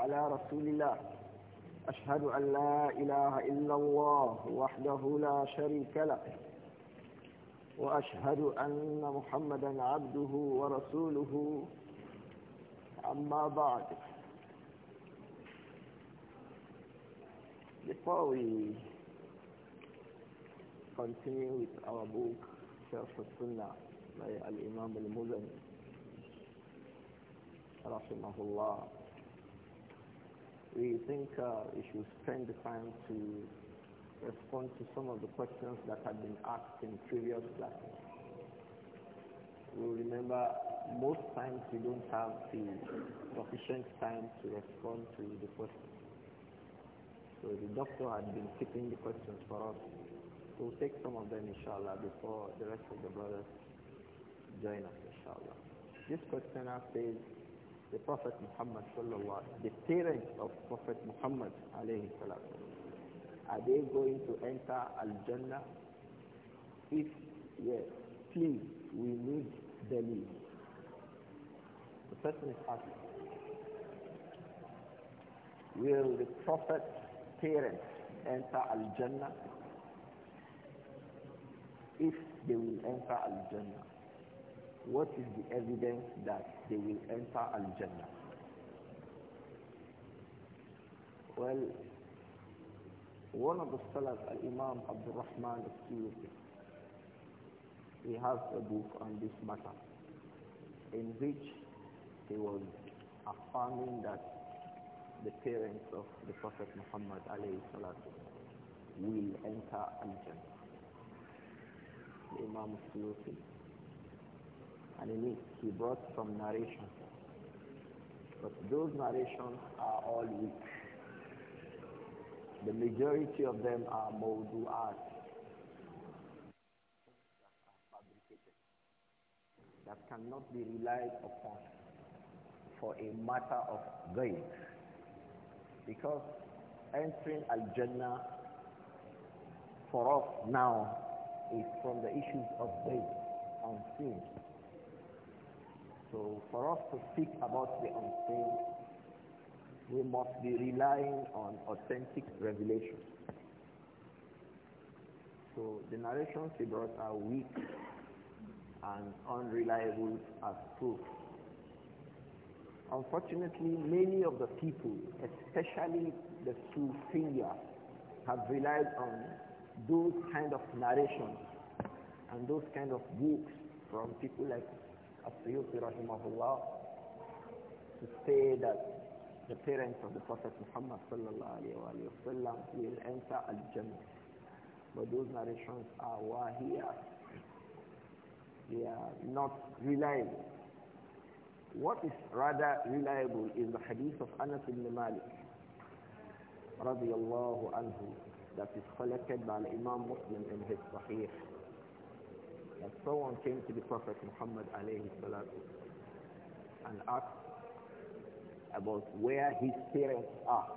على رسول الله أشهد أن لا إله إلا الله وحده لا شريك له وأشهد أن محمدا عبده ورسوله أما بعد Before we continue with our book Sharf al-Sunnah by Al-Imam al-Muzani رحمه الله we think uh, we should spend the time to respond to some of the questions that have been asked in previous classes. We remember most times we don't have the sufficient time to respond to the questions. So the doctor had been keeping the questions for us. We'll take some of them inshallah before the rest of the brothers join us inshallah. This questioner says, the Prophet Muhammad sallallahu the parents of Prophet Muhammad alayhi salam, are they going to enter Al-Jannah? If yes, please, we need Delhi. The person is asking, will the Prophet's parents enter Al-Jannah? If they will enter Al-Jannah what is the evidence that they will enter Al-Jannah? Well, one of the scholars, Al-Imam Abdul Rahman al-Suyuti, he has a book on this matter in which he was affirming that the parents of the Prophet Muhammad salatu, will enter Al-Jannah. Imam al-Suyuti and elif he brought some narration. But those narrations are all weak. The majority of them are mawdu'at. That cannot be relied upon for a matter of ghaib. Because entering Al-Jannah for us now is from the issues of ghaib, unseen. So for us to speak about the unseen, we must be relying on authentic revelation. So the narrations he brought are weak and unreliable as proof. Unfortunately, many of the people, especially the Sufiya, have relied on those kind of narrations and those kind of books from people like as rahimahullah to say that the parents of the Prophet Muhammad sallallahu alayhi wa sallam will enter al-Jannah. But those narrations are wahiyah. They are not reliable. What is rather reliable is the hadith of Anas ibn Malik radiallahu anhu that is collected by Imam Muslim in his Sahih that someone came to the Prophet Muhammad alayhi salatu and asked about where his parents are.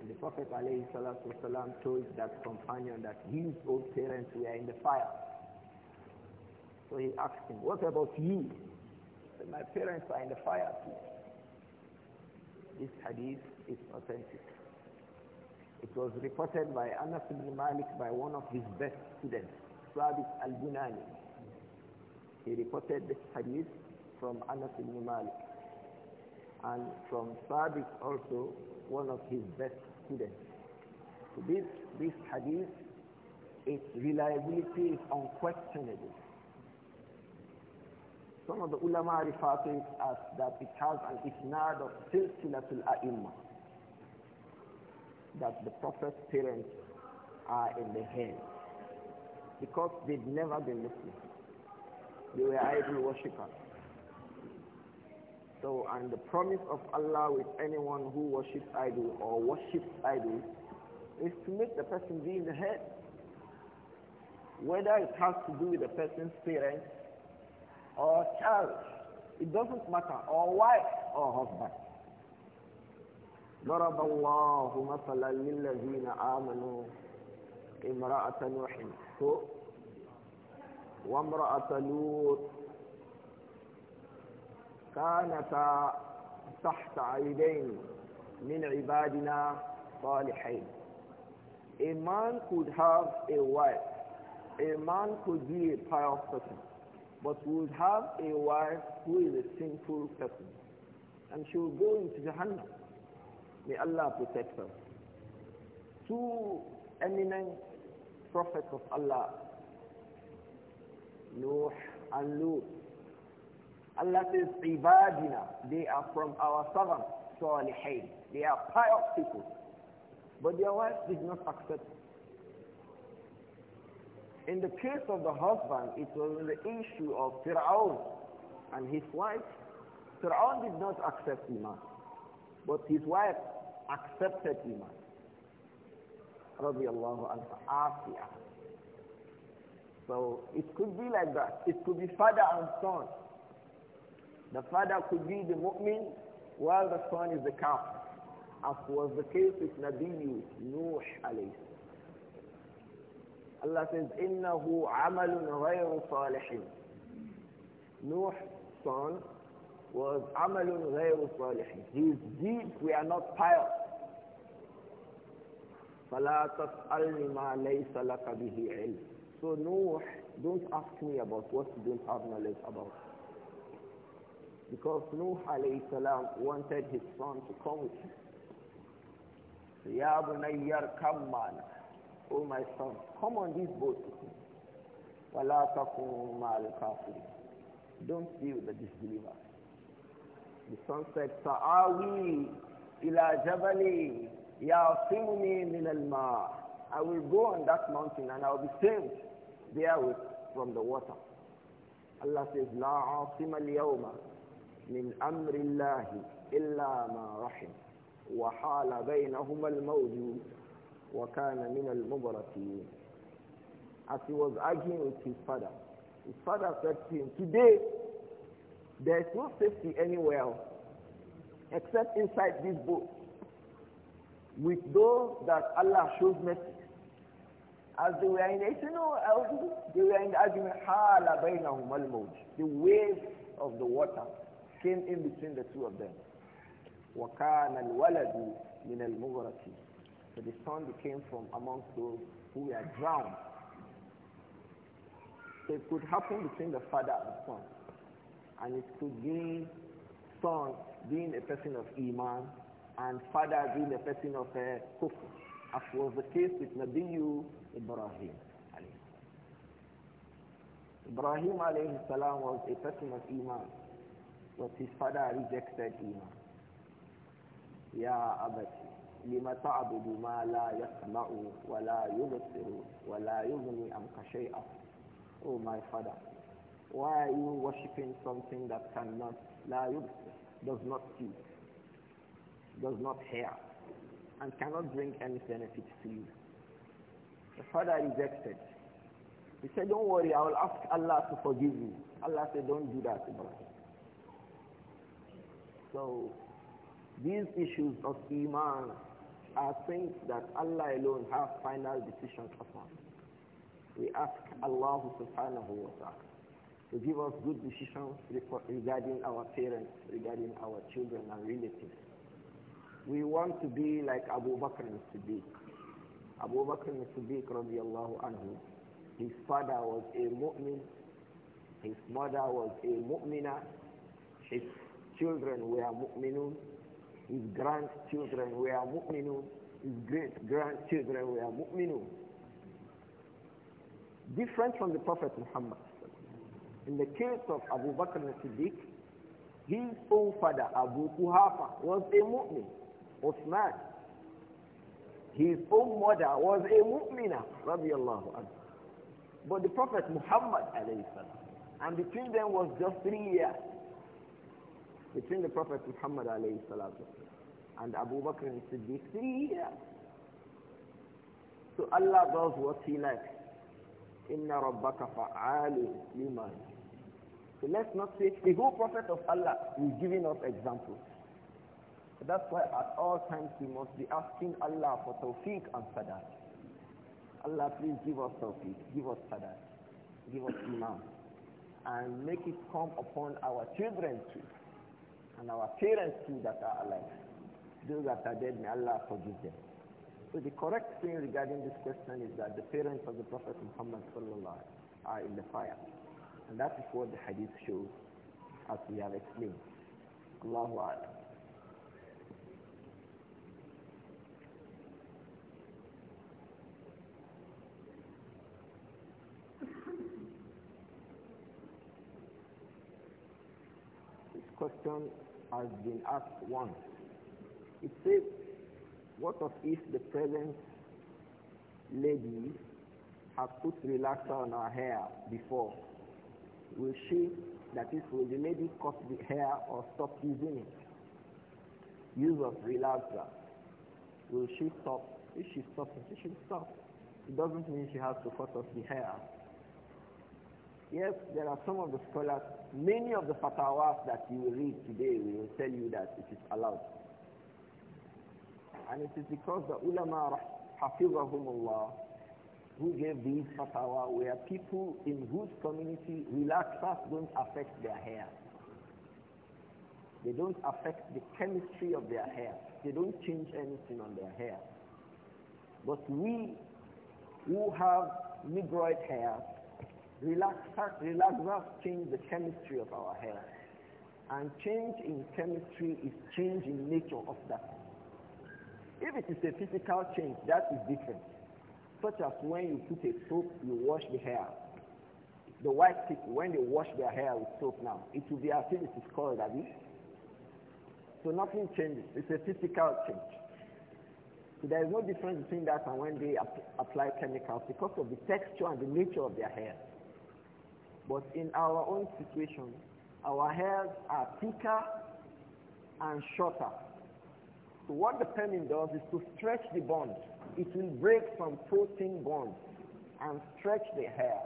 And the Prophet alayhi salatu told that companion that his own parents were in the fire. So he asked him, what about you? Said, my parents are in the fire too. This hadith is authentic. It was reported by Anas ibn Malik by one of his best students. Thabit al-Bunani. He reported this hadith from Anas ibn Malik. And from Thabit also, one of his best students. So this, this hadith, its reliability is unquestionable. Some of the ulama refer to it as that it has an isnad of silsilatul ai that the Prophet's parents are in the hands because they've never been Muslim. They were idol worshippers. So, and the promise of Allah with anyone who worships idol or worships idol is to make the person be in the head. Whether it has to do with the person's parents or child, it doesn't matter, or wife or husband. ضرب الله مثلا للذين آمنوا امرأة نوح ko وامرأة لوط كانتا تحت عيدين من عبادنا صالحين A man could have a wife. A man could be a pious person, but would have a wife who is a sinful person. And she will go into Jahannam. May Allah protect her. Two eminent prophets of Allah, Nuh and Lut. Allah says, Ibadina, they are from our servants, so They are pious people. But their wives did not accept. In the case of the husband, it was the issue of Fir'aun and his wife. Fir'aun did not accept Iman, but his wife accepted Iman radiallahu anha, Afia. So it could be like that. It could be father and son. The father could be the mu'min while the son is the kafir, as was the case with Nabi Nuh alayhi. Allah says, إِنَّهُ عَمَلٌ غَيْرُ صَالِحٍ Nuh's son was عَمَلٌ غَيْرُ صَالِحٍ. His deeds were not pious. فَلَا مَا لَيْسَ لَكَ بِهِ عِلْمٍ So no, don't ask me about what you don't have knowledge about. Because Nuh alayhi salam wanted his son to come with him. So, Ya bunayyar kammana. Oh my son, come on this boat with me. وَلَا تَكُنْ مَا الْكَافِرِ Don't be with the disbelievers. The son said, Saawi ila jabali يَعْصِمُنِي مِنَ ma, I will go on that mountain and I will be saved there with from the water. Allah says, لَا عَاصِمَ الْيَوْمَ مِنْ أَمْرِ اللَّهِ إِلَّا مَا رَحِمْ وَحَالَ بَيْنَهُمَا الْمَوْجُ وَكَانَ مِنَ الْمُبْرَكِينَ As he was arguing with his father, his father said to him, Today, there is no safety anywhere except inside this boat with those that Allah shows mercy. As they were in it, you know, they were in the argument, حَالَ بَيْنَهُمَ الْمَوْجِ The wave of the water came in between the two of them. وَكَانَ الْوَلَدُ مِنَ الْمُغْرَةِ So the son became from amongst those who were drowned. So it could happen between the father and the son. And it could be son being a person of Iman and father being the person of a uh, kufr, as was the case with Nabiyu Ibrahim. Ibrahim alayhi salam was a person of Iman, but his father rejected Iman. Ya abati, lima ta'budu ma la yasma'u wa la yubsiru wa la yughni Oh my father, why are you worshipping something that cannot, does not see? does not hear and cannot bring any benefit to you. The father rejected. He said, don't worry, I will ask Allah to forgive you. Allah said, don't do that, Ibrahim. So, these issues of Iman are things that Allah alone has final decisions upon. We ask Allah subhanahu wa ta'ala to give us good decisions regarding our parents, regarding our children and relatives. We want to be like Abu Bakr al-Siddiq. Abu Bakr al-Siddiq radiallahu anhu, his father was a mu'min, his mother was a mu'mina, his children were mu'minun, his grandchildren were mu'minun, his great-grandchildren were mu'minun. Different from the Prophet Muhammad. In the case of Abu Bakr al-Siddiq, his own father, Abu Kuhafa, was a mu'min. Uthman. His own mother was a mu'mina, radiallahu anhu. But the Prophet Muhammad, salam, and between them was just three years. Between the Prophet Muhammad, salam, and Abu Bakr and Siddiq, three years. So Allah does what He likes. Inna rabbaka fa'alu liman. So let's not say, the whole Prophet of Allah is giving us examples that's why at all times we must be asking Allah for tawfiq and sadat. Allah, please give us tawfiq, give us sadat, give us iman, and make it come upon our children too, and our parents too that are alive. Those that are dead, may Allah forgive them. So the correct thing regarding this question is that the parents of the Prophet Muhammad sallallahu are in the fire. And that is what the hadith shows, as we have explained. Allahu Akbar. question has been asked once. It says, what of if the present lady has put relaxer on her hair before? Will she, that is, will the lady cut the hair or stop using it? Use of relaxer. Will she stop? If she stops, she should stop. It doesn't mean she has to cut off the hair Yes, there are some of the scholars, many of the fatwas that you will read today will tell you that it is allowed. And it is because the ulama, hafizahumullah, who gave these fatwa were people in whose community relaxers don't affect their hair. They don't affect the chemistry of their hair. They don't change anything on their hair. But we who have negroid hair, Relaxers, relaxers change the chemistry of our hair. And change in chemistry is change in nature of that. If it is a physical change, that is different. Such as when you put a soap, you wash the hair. The white people, when they wash their hair with soap now, it will be as if it is called that is. So nothing changes. It's a physical change. So there is no difference between that and when they apply chemicals because of the texture and the nature of their hair. But in our own situation, our hairs are thicker and shorter. So what the penning does is to stretch the bond. It will break some protein bonds and stretch the hair.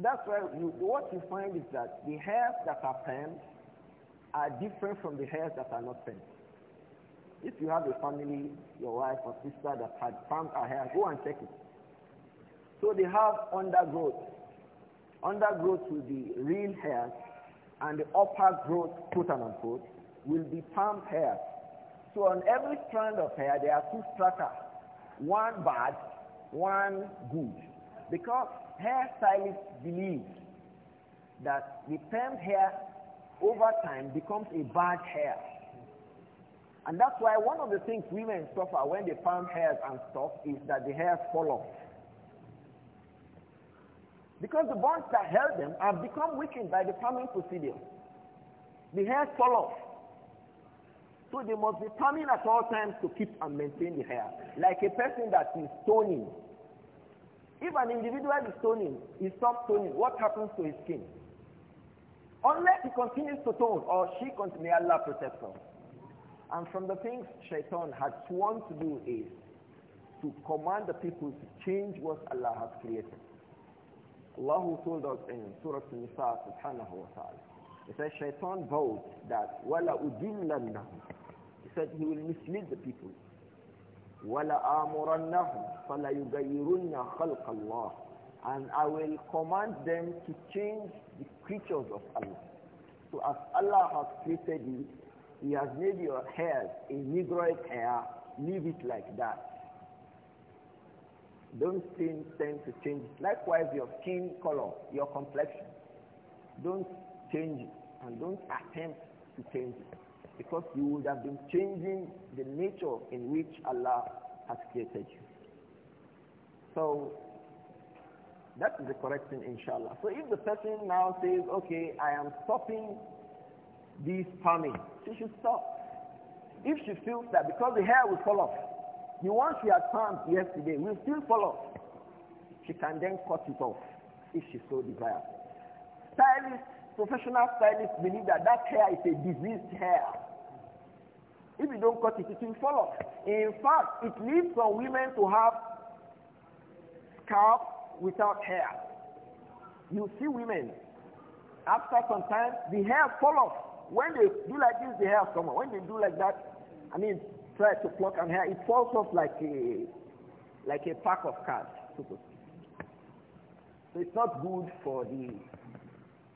That's why you, what you find is that the hairs that are penned are different from the hairs that are not penned. If you have a family, your wife or sister that had permed her hair, go and check it. So they have undergrowth undergrowth will be real hair, and the upper growth, quote and unquote, will be palm hair. So on every strand of hair, there are two strata, one bad, one good. Because hairstylists believe that the perm hair over time becomes a bad hair. And that's why one of the things women suffer when they perm hairs and stuff is that the hairs fall off. Because the bonds that held them have become weakened by the farming procedure. The hair fall off. So they must be farming at all times to keep and maintain the hair. Like a person that is stoning. If an individual is stoning, he stops stoning, what happens to his skin? Unless he continues to tone or she continues, may Allah protect her. And from the things Shaitan has sworn to do is to command the people to change what Allah has created. Allah told us in Surah Nisa subhanahu wa ta'ala. He said, Shaitan vowed that wala udillannahum. He said he will mislead the people. Wala amurannahum fala ya khalq Allah. And I will command them to change the creatures of Allah. So as Allah has created you, He has made your hair a negroid hair, leave it like that. Don't tend to change it. Likewise, your skin color, your complexion. Don't change it and don't attempt to change it because you would have been changing the nature in which Allah has created you. So that is the correct thing, inshallah. So if the person now says, okay, I am stopping this farming, she should stop. If she feels that because the hair will fall off, the one she had stamped yesterday will still follow. She can then cut it off if she so desires. Stylists, professional stylists believe that that hair is a diseased hair. If you don't cut it, it will follow. In fact, it leads some women to have scalp without hair. You see women, after some time, the hair fall off. When they do like this, the hair come When they do like that, I mean, try to pluck on hair, it falls off like a, like a pack of cards, so So it's not good for the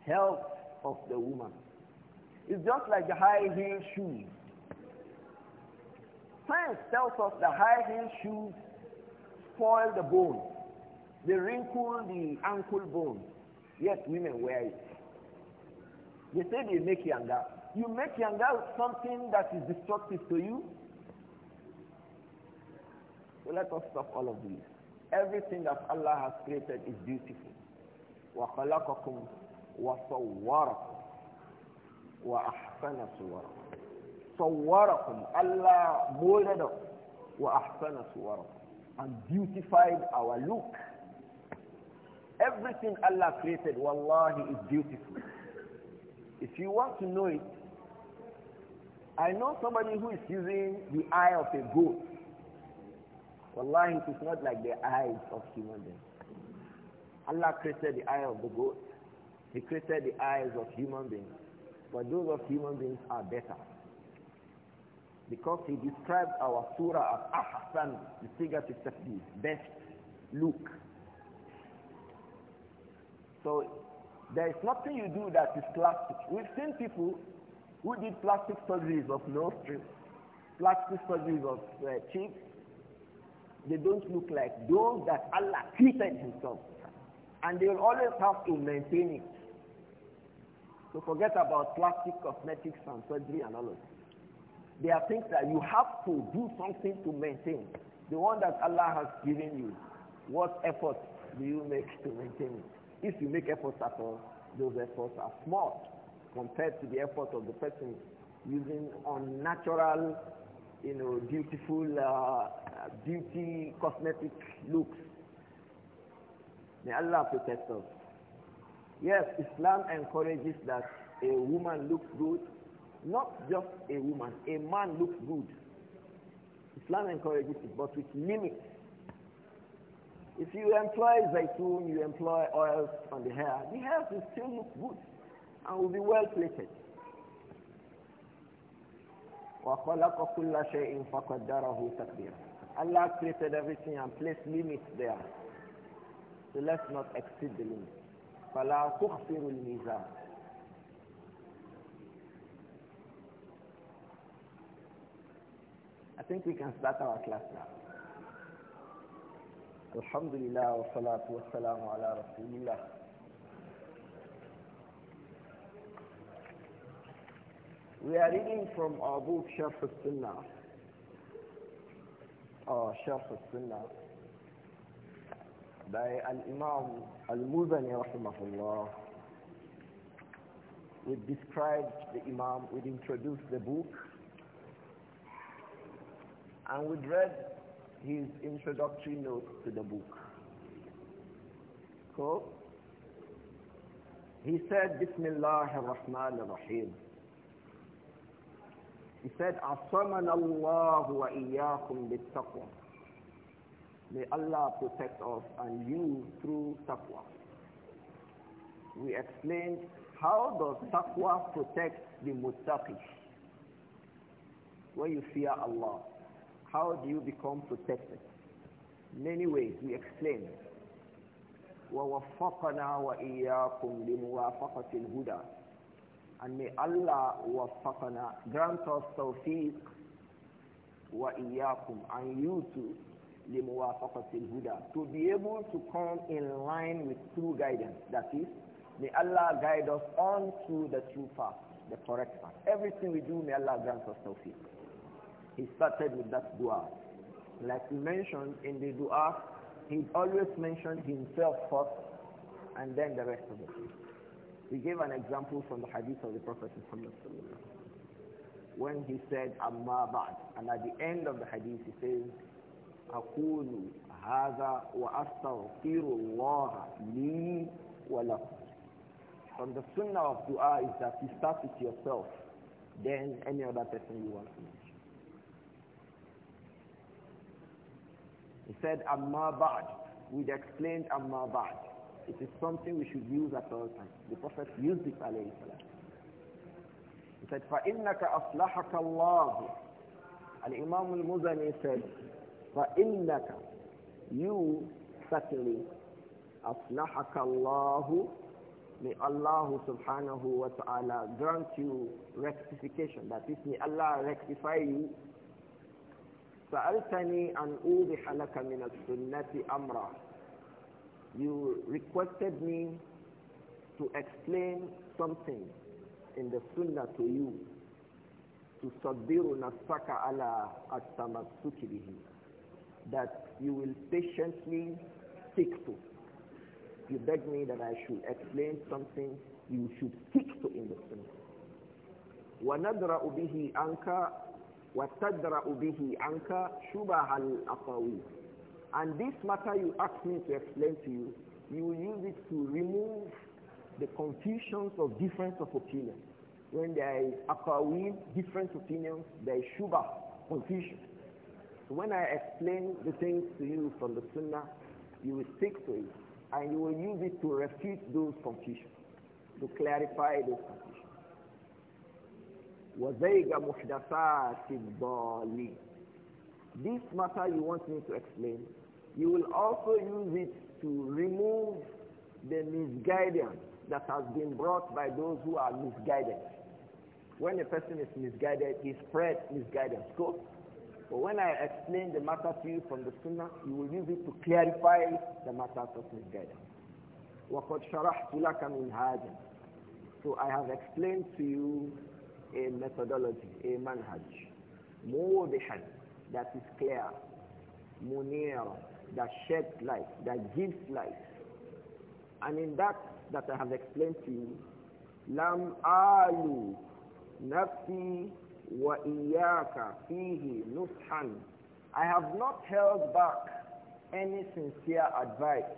health of the woman. It's just like the high heel shoes. Science tells us the high heel shoes spoil the bone. They wrinkle the ankle bone. Yet women wear it. They say they make younger. You make younger with something that is destructive to you, so let us stop all of these. Everything that Allah has created is beautiful. وَخَلَقَكُمْ وَصَوَّرَكُمْ وَأَحْسَنَ صُوَرَكُمْ صَوَّرَكُمْ Allah molded us وَأَحْسَنَ صُوَرَكُمْ and beautified our look. Everything Allah created, wallahi, is beautiful. If you want to know it, I know somebody who is using the eye of a goat Wallahi, it is not like the eyes of human beings. Allah created the eye of the goat. He created the eyes of human beings. But those of human beings are better. Because he described our surah as ahsan, the figure to tafdeed, best look. So there is nothing you do that is plastic. We've seen people who did plastic surgeries of nostrils, plastic surgeries of uh, cheeks, they don't look like those that Allah created himself. And they will always have to maintain it. So forget about plastic cosmetics and surgery and all of that. They are things that you have to do something to maintain. The one that Allah has given you, what effort do you make to maintain it? If you make efforts at all, those efforts are small compared to the effort of the person using unnatural you know, beautiful uh, uh, beauty cosmetic looks. May Allah protect us. Yes, Islam encourages that a woman looks good, not just a woman, a man looks good. Islam encourages it, but with limits. If you employ zaitun, you employ oils on the hair, the hair will still look good and will be well plated. وَخَلَقَ كُلَّ شَيْءٍ فَقَدَّرَهُ تَقْدِيرًا Allah created everything and placed limits there. So let's not exceed the limits. فَلَا تُخْفِرُ الْمِيزَانِ I think we can start our class now. Alhamdulillah wa salatu ala rasulillah. We are reading from our book Sharh al-Sunnah or Sharh al-Sunnah by Al-Imam Al-Muzani rahimahullah. We described the Imam, we introduced the book and we read his introductory notes to the book. So, he said, Bismillah ar-Rahman ar-Rahim. He said, أَصَمَنَ اللَّهُ وَإِيَّاكُمْ بِالتَّقْوَى May Allah protect us and you through taqwa. We explained how does taqwa protect the muttaqi? When you fear Allah, how do you become protected? Many ways we explained. وَوَفَّقَنَا وَإِيَّاكُمْ لِمُوَافَقَةِ الْهُدَى and may Allah waffaqana, grant us tawfiq wa iyyakum, and you too, limuwafaqatil huda, to be able to come in line with true guidance. That is, may Allah guide us on to the true path, the correct path. Everything we do, may Allah grant us tawfiq. He started with that dua. Like we mentioned in the dua, he always mentioned himself first, and then the rest of the people. He gave an example from the hadith of the Prophet when he said Amma Ba'd. And at the end of the hadith he says, أقول هذا وأستغفر الله لي ولكم. From the sunnah of dua is that you start with yourself, then any other person you want to mention. He said Amma Ba'd. We'd explained Amma Ba'd. It is something we should use at all times. The Prophet used it alayhi salam. He said, فَإِنَّكَ أَصْلَحَكَ اللَّهُ Al-Imam al-Muzani said, فَإِنَّكَ You certainly أَصْلَحَكَ اللَّهُ May Allah subhanahu wa ta'ala grant you rectification. That is, may Allah rectify you. سألتني أن أوضح لك من السنة أمرا you requested me to explain something in the sunnah to you to sabbiru nafsaka ala at-tamassuki bihi that you will patiently stick to you beg me that I should explain something you should stick to in the sunnah anka wa عَنْكَ وَتَدْرَأُ anka عَنْكَ al الْأَقَوِيلِ and this matter you asked me to explain to you, you will use it to remove the confusions of difference of opinion. When there is aqawil, different opinions, there is shubha, confusion. So when I explain the things to you from the sunnah, you will stick to it and you will use it to refute those confusions, to clarify those confusions. وَزَيْغَ مُحْدَثَاتِ الضَّالِينَ This matter you want me to explain you will also use it to remove the misguidance that has been brought by those who are misguided. When a person is misguided, he spreads misguidance. So, But when I explain the matter to you from the Sunnah, you will use it to clarify the matter of misguidance. So I have explained to you a methodology, a manhaj, موضحا, that is clear, منيرا, that sheds light, that gives light. And in that that I have explained to you, lam Alu آلو wa وإياك fihi نصحا I have not held back any sincere advice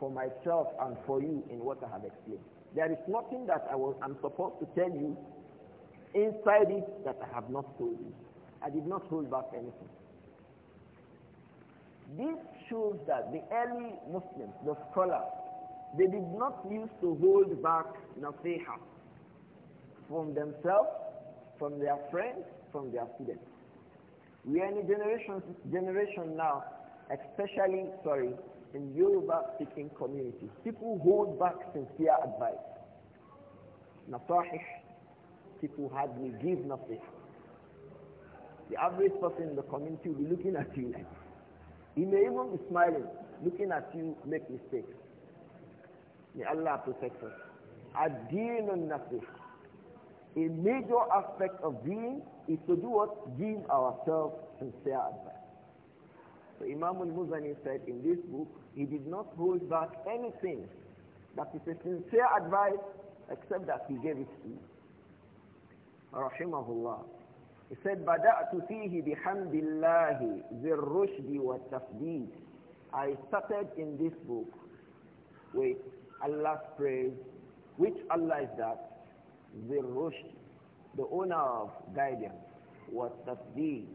for myself and for you in what I have explained. There is nothing that I was, I'm supposed to tell you inside it that I have not told you. I did not hold back anything. This shows that the early Muslims, the scholars, they did not use to hold back nasiha from themselves, from their friends, from their students. We are in a generation, generation now, especially, sorry, in Yoruba-speaking communities. People hold back sincere advice. Nasahih, people hardly give nasiha. The average person in the community will be looking at you like he may even be smiling, looking at you make mistakes. May Allah protect us. Ad-deen A major aspect of being is to do what? Give ourselves sincere advice. So Imam al-Muzani said in this book, he did not hold back anything that is a sincere advice except that he gave it to you. Rahimahullah. He said, بدأت فيه بحمد الله ذي الرشد والتفديد. I started in this book with Allah's praise. Which Allah is that? ذي the owner of guidance, tafdid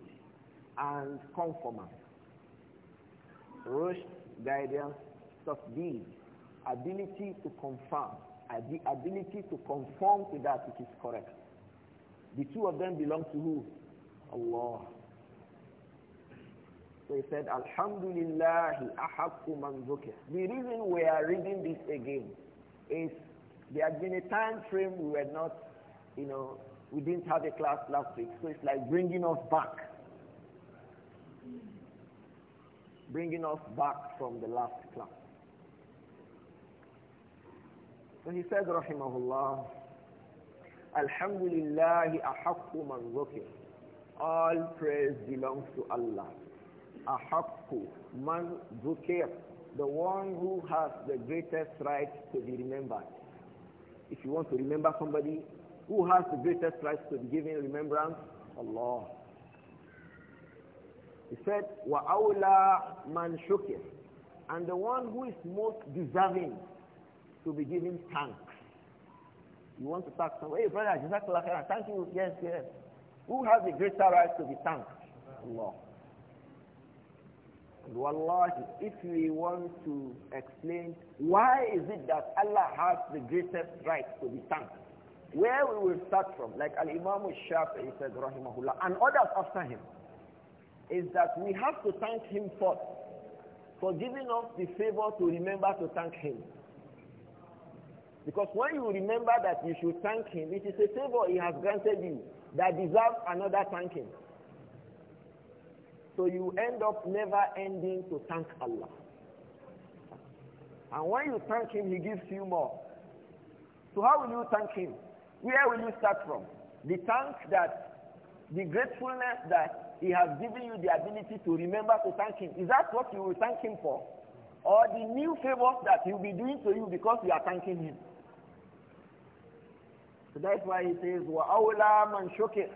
and conformance. Rushd, guidance, tafdid, ability to confirm, ability to conform to that which is correct. The two of them belong to who? Allah. So he said, Alhamdulillah, ahakku man dhukir. The reason we are reading this again is there has been a time frame we were not, you know, we didn't have a class last week. So it's like bringing us back. Bringing us back from the last class. So he said, Rahimahullah, Alhamdulillah ahakku man All praise belongs to Allah. Ahakku man The one who has the greatest right to be remembered. If you want to remember somebody, who has the greatest right to be given remembrance? Allah. He said, وَأَوْلَى man شُكِرْ And the one who is most deserving to be given thanks you want to thank someone. Hey, brother, Jazakallah khairan. Thank you. Yes, yes. Who has the greater right to be thanked? Allah. And wallahi, if we want to explain why is it that Allah has the greatest right to be thanked, where we will start from, like Al-Imam Shafi'i said, rahimahullah, and others after him, is that we have to thank him first for giving us the favor to remember to thank him. Because when you remember that you should thank him, it is a favor he has granted you that deserves another thanking. So you end up never ending to thank Allah. And when you thank him, he gives you more. So how will you thank him? Where will you start from? The thank that, the gratefulness that he has given you the ability to remember to thank him. Is that what you will thank him for? Or the new favors that he will be doing to you because you are thanking him? So that's why he says, wa مَنْ شُكِرْ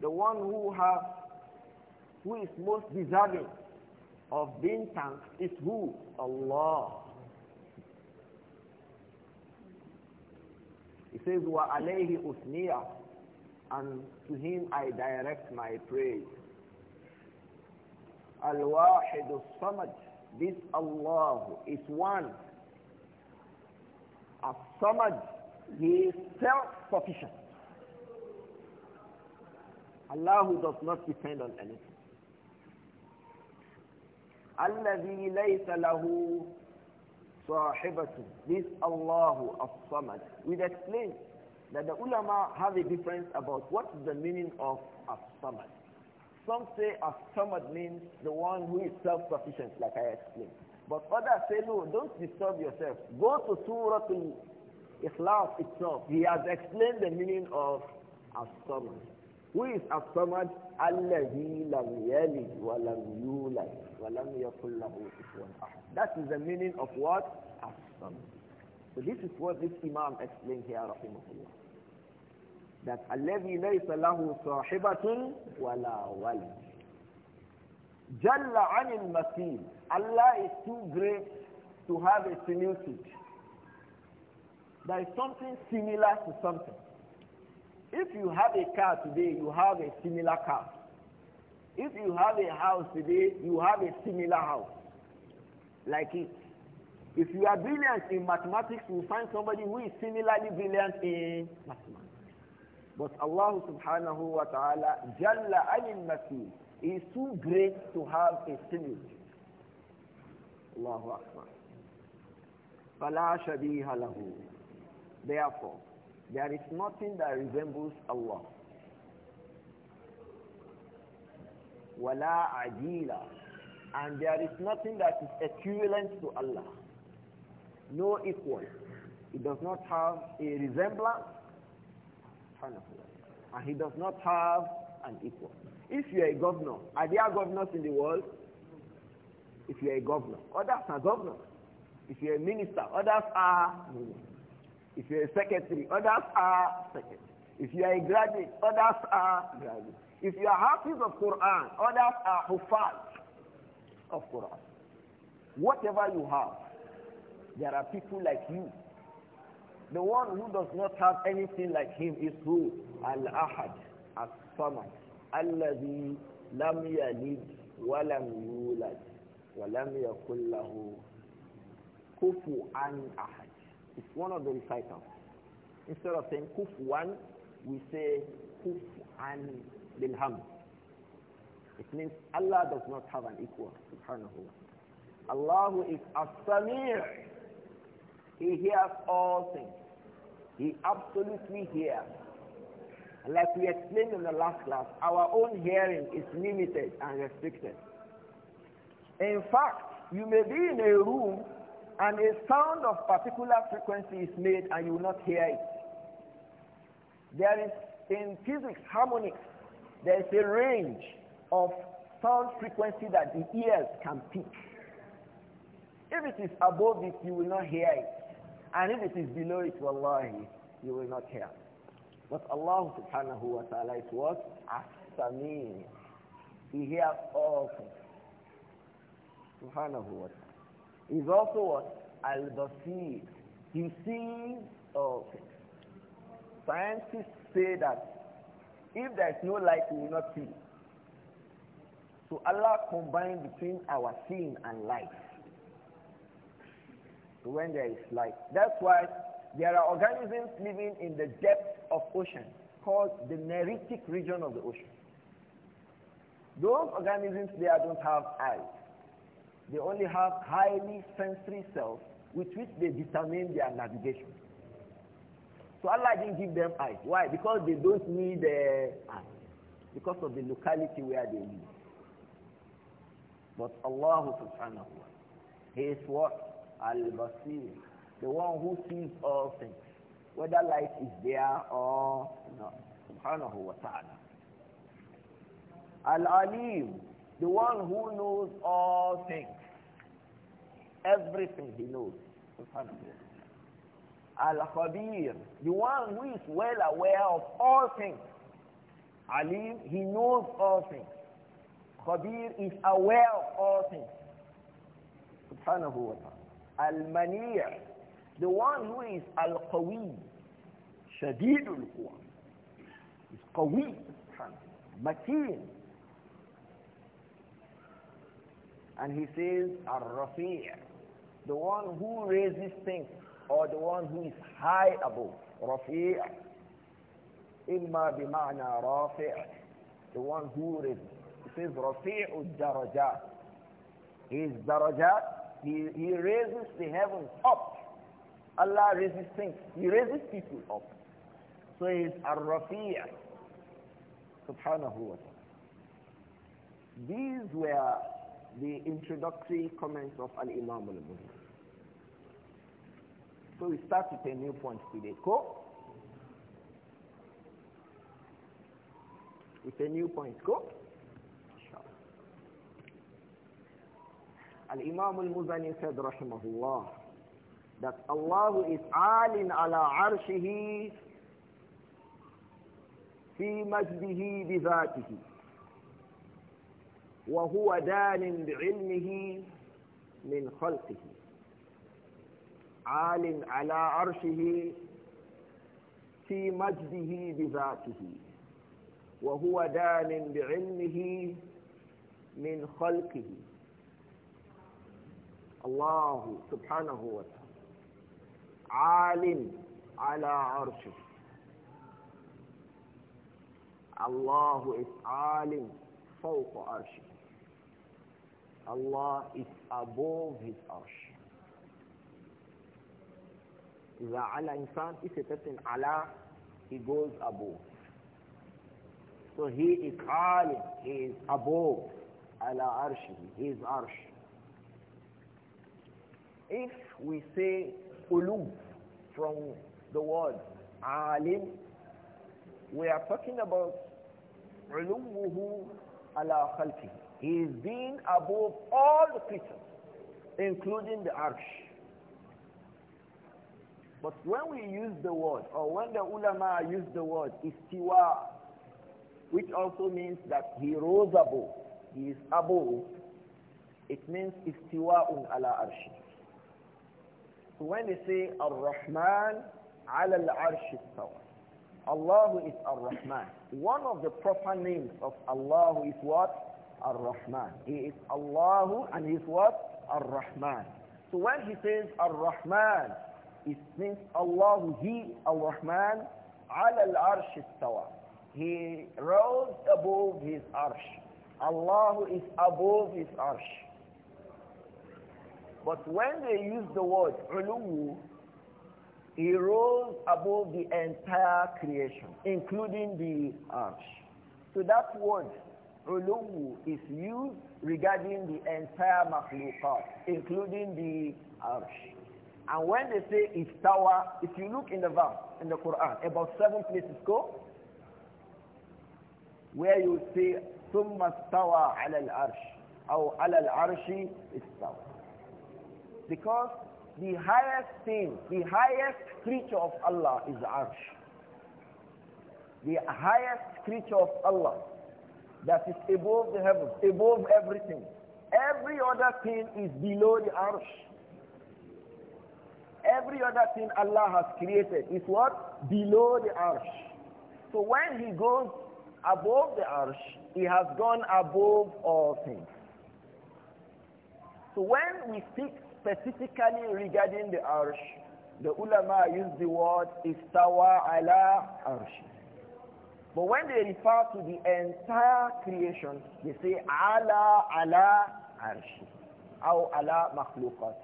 The one who has, who is most deserving of being thanked is who? Allah. He says, alayhi usniya, And to him I direct my praise. Al-Wahid samad This Allah is one. As-Samad he is self-sufficient. Allah who does not depend on anything. الذي ليس له صاحبة This Allah samad We've explained that the ulama have a difference about what is the meaning of as-samad. Some say as-samad means the one who is self-sufficient, like I explained. But others say, no, don't disturb yourself. Go to Surah Ikhlas itself, he has explained the meaning of as Who is Allāhi Alladhi lam yalid wa lam yulad wa lam yakul lahu kufuwan That is the meaning of what? as So this is what this Imam explained here, rahimahullah. That Allāhī laysa lahu sahibatun wa la walid. Jalla anil masil. Allah is too great to have a similitude. There is something similar to something. If you have a car today, you have a similar car. If you have a house today, you have a similar house. Like it. If you are brilliant in mathematics, you find somebody who is similarly brilliant in mathematics. But Allah subhanahu wa ta'ala, Jalla anil Masih, is too great to have a similar. Allahu Akbar. فَلَا شَبِيهَ لَهُ Therefore, there is nothing that resembles Allah. Wala ajila. And there is nothing that is equivalent to Allah. No equal. It does not have a resemblance. And he does not have an equal. If you are a governor, are there governors in the world? If you are a governor, others are governors. If you are a minister, others are ministers. If you're a secretary, others are secretary. If you are a graduate, others are graduate. If you are hafiz of Quran, others are hufaz of Quran. Whatever you have, there are people like you. The one who does not have anything like him is who? Al-Ahad, As-Samad, ladhi lam yalid walam yulad walam lam kufu an ahad. It's one of the recitals. Instead of saying kuf one, we say kuf an bilham. It means Allah does not have an equal, subhanahu Allah is as-samir. He hears all things. He absolutely hears. Like we explained in the last class, our own hearing is limited and restricted. In fact, you may be in a room and a sound of particular frequency is made and you will not hear it. There is in physics, harmonics, there is a range of sound frequency that the ears can pick. If it is above it, you will not hear it. And if it is below it, wallahi, you will not hear. But Allah subhanahu wa ta'ala is what? As-Sami. He hears all things. Subhanahu wa ta'ala is also what? Al-Basir. He sees all things. Scientists say that if there is no light, we will not see. So Allah combined between our seeing and light. So when there is light. That's why there are organisms living in the depths of ocean called the neritic region of the ocean. Those organisms there don't have eyes. They only have highly sensory cells with which they determine their navigation. So Allah didn't give them eyes. Why? Because they don't need uh, eyes. Because of the locality where they live. But Allah subhanahu wa He is what? Al-Basir. The one who sees all things. Whether light is there or not. Subhanahu wa ta'ala. Al-Alim. The one who knows all things. Everything he knows. Al-Khabir, the one who is well aware of all things. Alim, he knows all things. Khabir is aware of all things. Subhanahu wa ta'ala. Al-Mani' the one who is Al-Qawi, Shadid al-Quwa, is Qawi, Mateen. And he says, Al-Rafi' The one who raises things or the one who is high above. Rafi' Imma Ma'na rafi' The one who raises. It says Rafi'u darajat. His darajat, he, he raises the heavens up. Allah raises things. He raises people up. So he is Ar-Rafi' Subhanahu wa ta'ala. These were the introductory comments of Al-Imam al-Bukhari. So we start with a new point today. Go. With a new point. Go. Al-Imam al-Muzani said, rahimahullah, that Allah is alin ala arshihi fi majdihi bi dhatihi. وهو دان بعلمه من خلقه عال على عرشه في مجده بذاته وهو دان بعلمه من خلقه الله سبحانه وتعالى عال على عرشه الله عال فوق عرشه Allah is above his arsh. The ala insan is a person ala, he goes above. So he is calling, he is above ala arshi, his arsh. If we say ulu from the word alim, we are talking about ulumuhu ala khalqihi he is being above all the creatures, including the arch. But when we use the word, or when the ulama use the word, istiwa, which also means that he rose above, he is above, it means istiwa'un ala arsh. So when they say ar-Rahman ala al arsh istawa, Allah is ar-Rahman. One of the proper names of Allah is what? Ar-Rahman. He is Allah, and he is what? Ar-Rahman. So when he says Ar-Rahman, it means Allah he, Ar-Rahman, ala al-arsh istawa. He rose above his arsh. Allah is above his arsh. But when they use the word uluwu, he rose above the entire creation, including the arch. So that word uluwu is used regarding the entire makhluqat, including the arsh. And when they say istawa, if you look in the verse, in the Quran, about seven places go, where you see ala al arsh or ala al العرش istawa, Because the highest thing, the highest creature of Allah is arsh. The highest creature of Allah that is above the heavens, above everything. Every other thing is below the arsh. Every other thing Allah has created is what? Below the arsh. So when he goes above the arsh, he has gone above all things. So when we speak specifically regarding the arsh, the ulama use the word istawa ala arsh. But when they refer to the entire creation, they say ala ala arshi or ala makhluqat.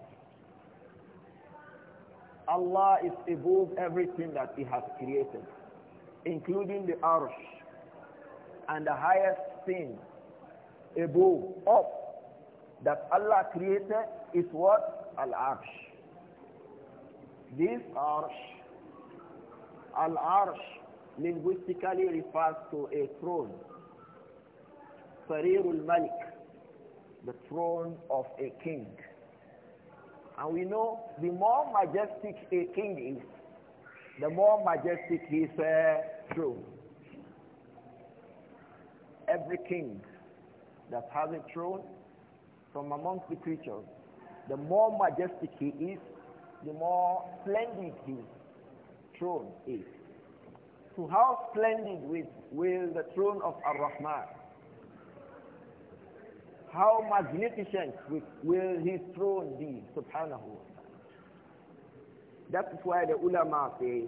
Allah is above everything that he has created, including the arsh and the highest thing above, up, that Allah created is what? Al-Arsh. This Arsh, Al-Arsh linguistically refers to a throne. Sarirul Malik, the throne of a king. And we know the more majestic a king is, the more majestic his uh, throne. Every king that has a throne from amongst the creatures, the more majestic he is, the more splendid his throne is to how splendid with will the throne of Ar-Rahman. How magnificent will his throne be, subhanahu wa ta'ala. That is why the ulama say,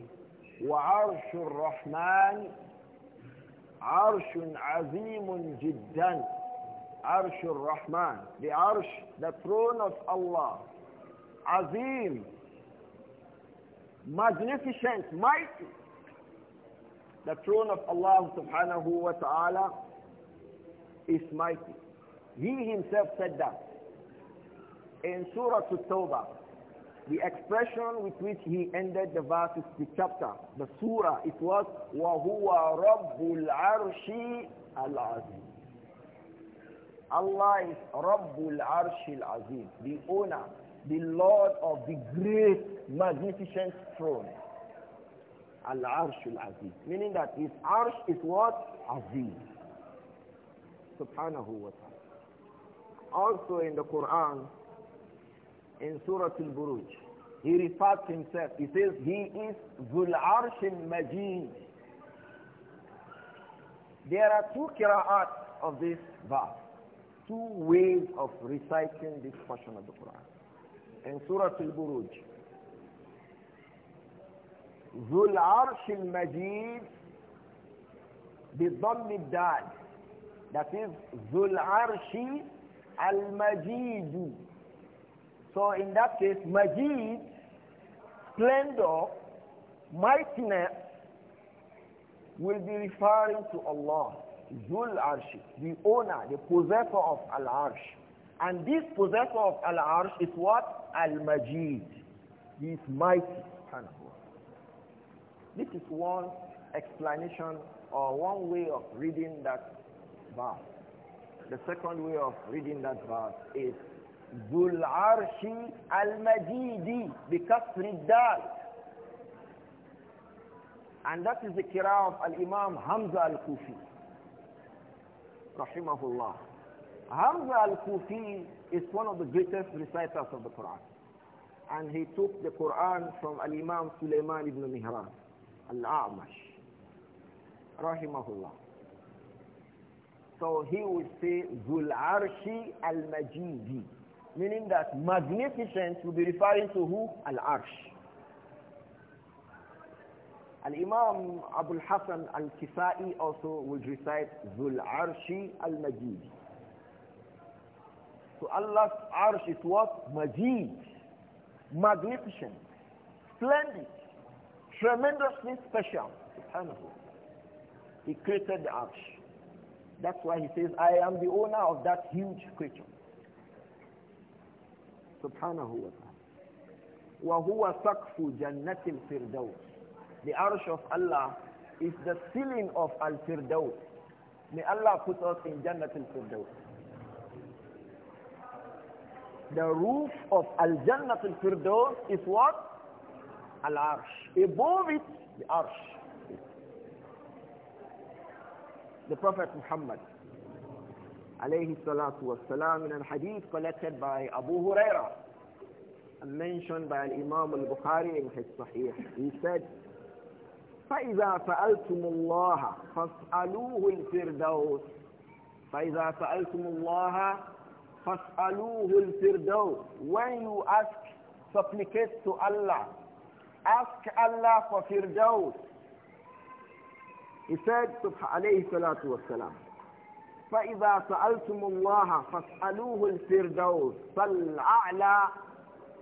وَعَرْشُ الرَّحْمَنِ عَرْشٌ عَظِيمٌ جِدًّا عَرْشُ الرَّحْمَنِ The arsh, the throne of Allah. Azim, magnificent, mighty. The throne of Allah subhanahu wa ta'ala is mighty. He himself said that. In Surah At-Tawbah, the expression with which he ended the verse is the chapter, the surah, it was وَهُوَ رَبُّ الْعَرْشِ الْعَظِيمِ Allah is Rabbul Arshil Azim, the owner, the Lord of the great, magnificent throne. Al-Arshul Aziz. Meaning that his Arsh is what? Aziz. Subhanahu wa ta'ala. Also in the Quran, in Surah Al-Buruj, he refers himself. He says, he is Zul Arshil Majid. There are two qira'at of this verse, two ways of reciting this portion of the Quran. In Surah Al-Buruj, ذو العرش المجيد بضم الدال that is ذو العرش المجيد so in that case majid splendor mightiness will be referring to Allah ذو العرش the owner the possessor of al-arsh and this possessor of al-arsh is what al-majid he is mighty subhanahu this is one explanation or one way of reading that verse. The second way of reading that verse is Dhul Arshi Al-Majidi because Dal. And that is the kira of Al-Imam Hamza Al-Kufi. Rahimahullah. Hamza Al-Kufi is one of the greatest reciters of the Quran. And he took the Quran from Al-Imam Sulaiman ibn Mihran. Al-A'mash, rahimahullah. So he would say, Zul Arshi Al-Majidi, meaning that magnificence will be referring to who? Al-Arsh. Al-Imam Abu Hassan Al-Kisai also would recite Zul Arshi Al-Majid. So Allah's Arsh is what? Majid. Magnificent. Splendid tremendously special. Subhanahu. He created the arch. That's why he says, I am the owner of that huge creature. Subhanahu wa ta'ala. وَهُوَ سَقْفُ جَنَّةِ الْفِرْدَوْسِ The arsh of Allah is the ceiling of al-firdaus. May Allah put us in Jannat al-firdaus. The roof of al-Jannat al-firdaus is what? al Above it, the Arsh. The Prophet Muhammad, alayhi salatu was salam, in a hadith collected by Abu Huraira, and mentioned by Imam al-Bukhari in his Sahih, he said, فَإِذَا سَأَلْتُمُ اللَّهَ فَاسْأَلُوهُ الْفِرْدَوْسِ فَإِذَا سَأَلْتُمُ اللَّهَ فَاسْأَلُوهُ الْفِرْدَوْسِ When you ask, supplicate to Allah Ask Allah for Firdaus. He said, alayhi salatu wasalam, فَإِذَا سَأَلْتُمُ اللَّهَ فَاسْأَلُوهُ الْفِرْدَوْسِ فَالْأَعْلَى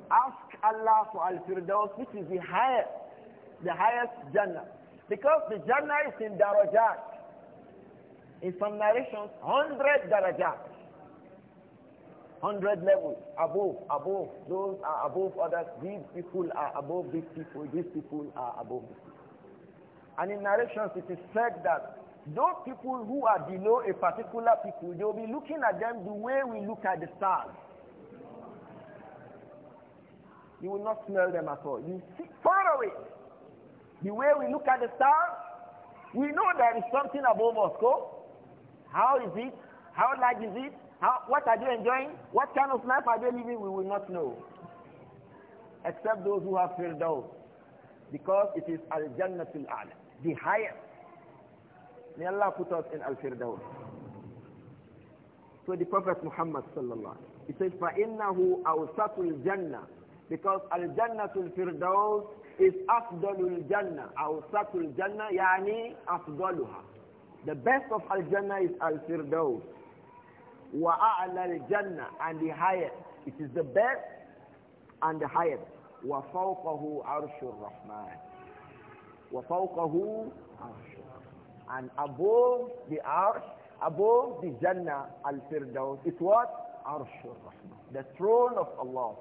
Ask Allah for Al-Firdaus, which is the highest, the highest Jannah. Because the Jannah is in Darajat. In some narrations, 100 Darajat. hundred levels above, above. Those are above others. These people are above these people. These people are above these people. And in narrations, it is said that those people who are below a particular people, they will be looking at them the way we look at the stars. You will not smell them at all. You see far away. The way we look at the stars, we know there is something above us. Go. How is it? How large is it? How, what are they enjoying? What kind of life are they living? We will not know. Except those who have failed out. Because it is Al-Jannatul A'la, the highest. May Allah put us in Al-Firdaus. So the Prophet Muhammad sallallahu he says, فَإِنَّهُ أَوْسَطُ الْجَنَّةِ Because Al-Jannatul Firdaus is أَفْضَلُ الْجَنَّةِ أَوْسَطُ الْجَنَّةِ يعني أَفْضَلُهَا The best of Al-Jannah is Al-Firdaus wa a'la al-jannah and the highest. It is the best and the highest. Wa fawqahu arshur rahman. Wa fawqahu arshur. And above the arsh, above the jannah al-firdaus, it's what? Arshur rahman. The throne of Allah.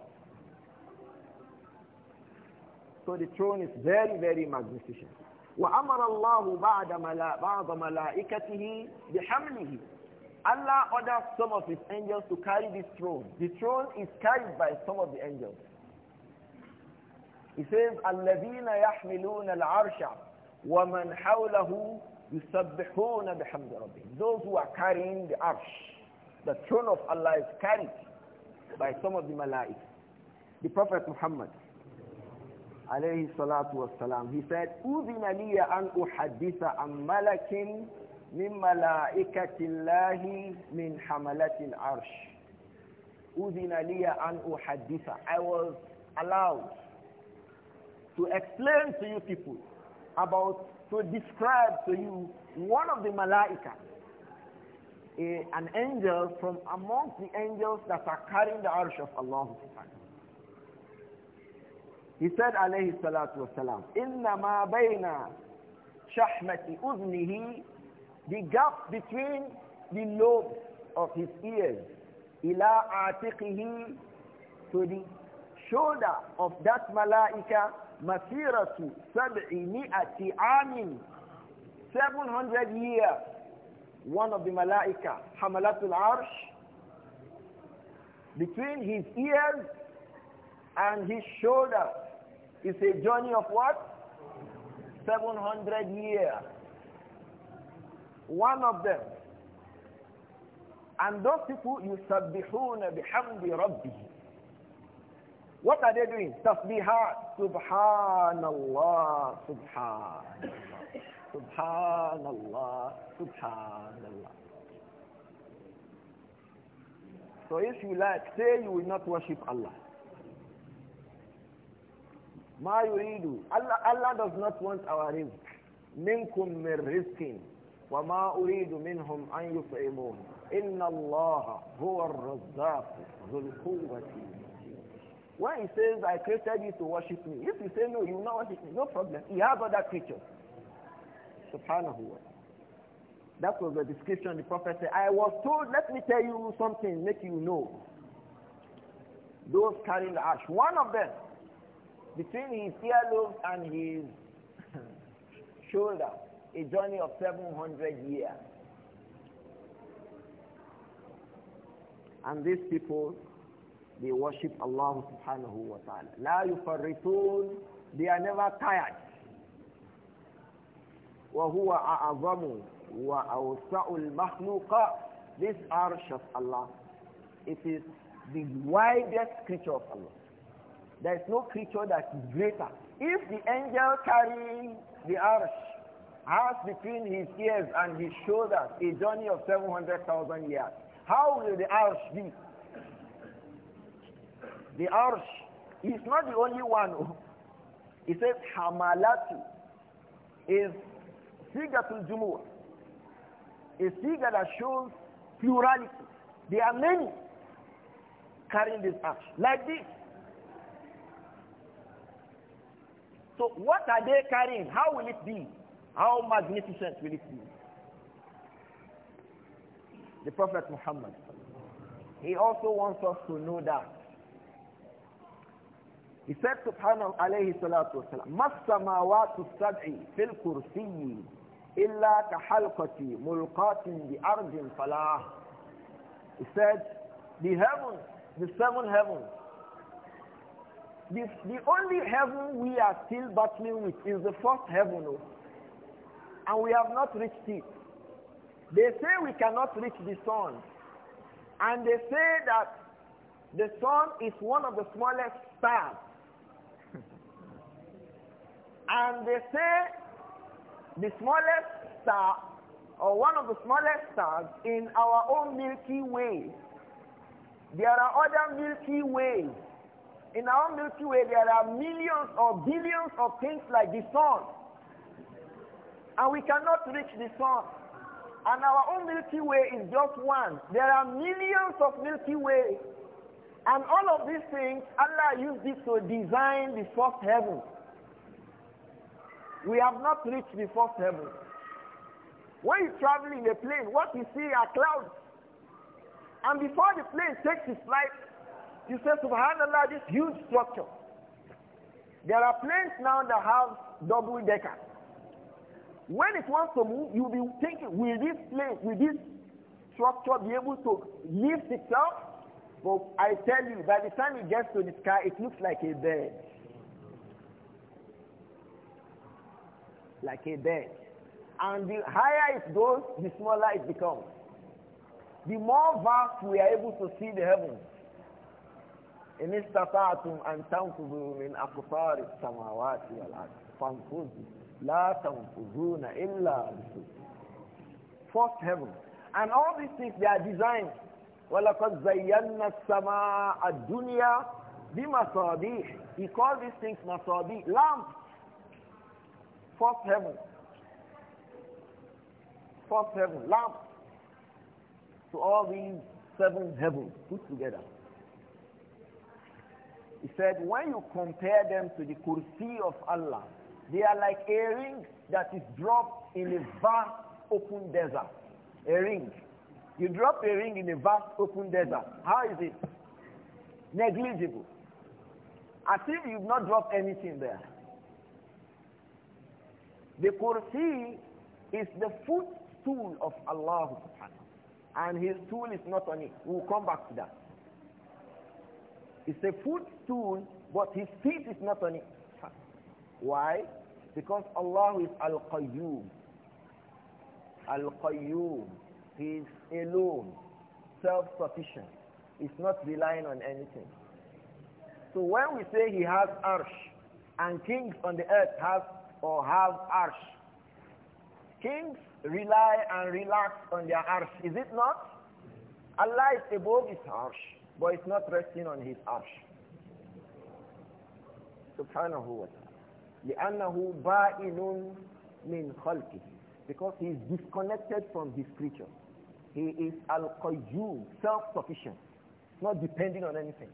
So the throne is very, very magnificent. وأمر الله بعد ملا بعض ملائكته بحمله Allah orders some of his angels to carry this throne. The throne is carried by some of the angels. He says, الَّذِينَ يَحْمِلُونَ الْعَرْشَ وَمَنْ حَوْلَهُ يُسَبِّحُونَ بِحَمْدِ رَبِّهِمْ Those who are carrying the arsh, the throne of Allah is carried by some of the malaik. The Prophet Muhammad, alayhi salatu wasalam, he said, أُذِنَ لِيَ أَنْ أُحَدِّثَ عَنْ مَلَكٍ min malaikatillahi min hamalatil arsh. liya an uhaditha. I was allowed to explain to you people about, to describe to you one of the malaika, a, an angel from amongst the angels that are carrying the arsh of Allah He said alayhi salatu wasalam, Inna بَيْنَا شَحْمَةِ أُذْنِهِ the gap between the lobes of his ears ila atiqihi to the shoulder of that malaika masiratu sab'i mi'ati amin 700 years one of the malaika hamalatul arsh between his ears and his shoulder is a journey of what 700 years one of them. And those people, يُسَبِّحُونَ bihamdi Rabbi. What are they doing? Tasbihat. Subhanallah, Subhanallah, Subhanallah, Subhanallah. So if you like, say you will not worship Allah. Ma yuridu. Allah, Allah does not want our rizq. Minkum min rizqin. وما أريد منهم أن يطعمون إن الله هو الرزاق ذو القوة When he says, I created you to worship me, if you say no, you will not worship me, no problem. He has other creatures. Subhanahu wa That was the description the prophet said. I was told, let me tell you something, make you know. Those carrying the ash, one of them, between his earlobes and his shoulder, a journey of 700 years. And these people, they worship Allah subhanahu wa ta'ala. La yufarritun, they are never tired. وَهُوَ أَعْظَمُ وَأَوْسَعُ الْمَخْلُوقَاتِ This arsh of Allah, it is the widest creature of Allah. There is no creature that is greater. If the angel carrying the arsh has between his ears and his shoulders, a journey of 700,000 years. How will the arsh be? The arsh is not the only one. Oh. He says Hamalati is sigatul jumur, A figure that shows plurality. There are many carrying this arch like this. So what are they carrying? How will it be? How magnificent will it be? The Prophet Muhammad, he also wants us to know that. He said subhanahu alayhi salatu wasalam, مَسَّمَاوَاتُ fil فِي illa إِلَّا كَحَلْقَةِ bi بِأَرْضٍ falah. He said, the heavens, the seven heavens, the, the only heaven we are still battling with is the first heaven. Oh and we have not reached it. They say we cannot reach the sun. And they say that the sun is one of the smallest stars. and they say the smallest star or one of the smallest stars in our own Milky Way. There are other Milky Ways. In our Milky Way, there are millions or billions of things like the sun. And we cannot reach the sun. And our own Milky Way is just one. There are millions of Milky Way. And all of these things, Allah used it to design the first heaven. We have not reached the first heaven. When you travel in a plane, what you see are clouds. And before the plane takes its flight, you say, subhanallah, this huge structure. There are planes now that have double deckers. When it wants to move, you'll be thinking, will this place, will this structure be able to lift itself? But I tell you, by the time it gets to the sky, it looks like a bed. Like a bed. And the higher it goes, the smaller it becomes. The more vast we are able to see the heavens. In إن استطعتم أن تنفذوا من أقطار السماوات والأرض فانفذوا La tanfuzuna illa First heaven. And all these things, they are designed. وَلَقَدْ زَيَّنَّا السَّمَاءَ الدُّنْيَا بِمَصَابِيحِ He called these things masabi lamps. First heaven. First heaven, lamps. So all these seven heavens put together. He said, when you compare them to the kursi of Allah, they are like a ring that is dropped in a vast open desert. A ring. You drop a ring in a vast open desert. How is it? Negligible. As if you've not dropped anything there. The kursi is the footstool of Allah And his tool is not on it. We'll come back to that. It's a footstool, but his feet is not on it. Why? Because Allah is Al-Qayyum. Al-Qayyum. He is alone, self-sufficient. He's not relying on anything. So when we say he has arsh, and kings on the earth have or have arsh, kings rely and relax on their arsh, is it not? Allah is above his arsh, but it's not resting on his arsh. Subhanahu wa ta'ala. لأنه بائن من خلقه because he is disconnected from his creature. He is al-qayyum, self-sufficient, not depending on anything.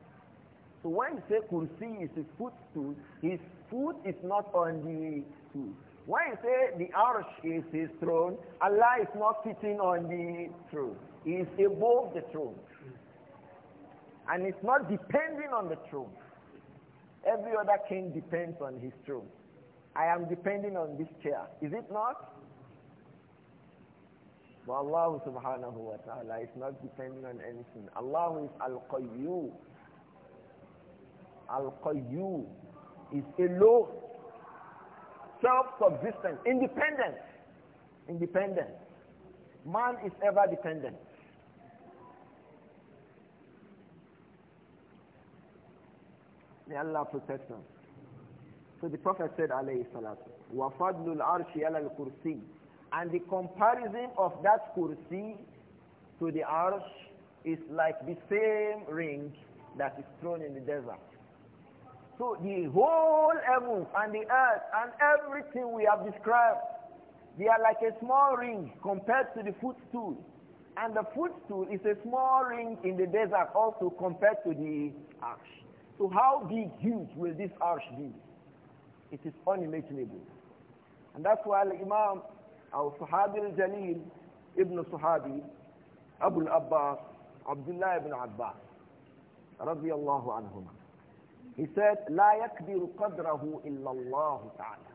So when he say kursi is his footstool, his foot is not on the stool. When he say the arsh is his throne, Allah is not sitting on the throne. He is above the throne. And it's not depending on the throne. Every other king depends on his throne. I am depending on this chair. Is it not? But Allah subhanahu wa ta'ala is not depending on anything. Allah is al-qayyum. Al-qayyum is alone, self-subsistent, independent. Independent. Man is ever dependent. May Allah protect us. So the Prophet said, alayhi salatu, وَفَضْلُ الْعَرْشِ عَلَى الْكُرْسِيِّ And the comparison of that kursi to the arsh is like the same ring that is thrown in the desert. So the whole heaven and the earth and everything we have described, they are like a small ring compared to the footstool. And the footstool is a small ring in the desert also compared to the arch. So how big, huge will this arch be? It is unimaginable. And that's why Imam our Sahabi al-Jalil, Ibn Sahabi, Abu al-Abbas, Abdullah ibn Abbas, radiyallahu anhuma. He said, لا يقدر قدره إلا الله تعالى.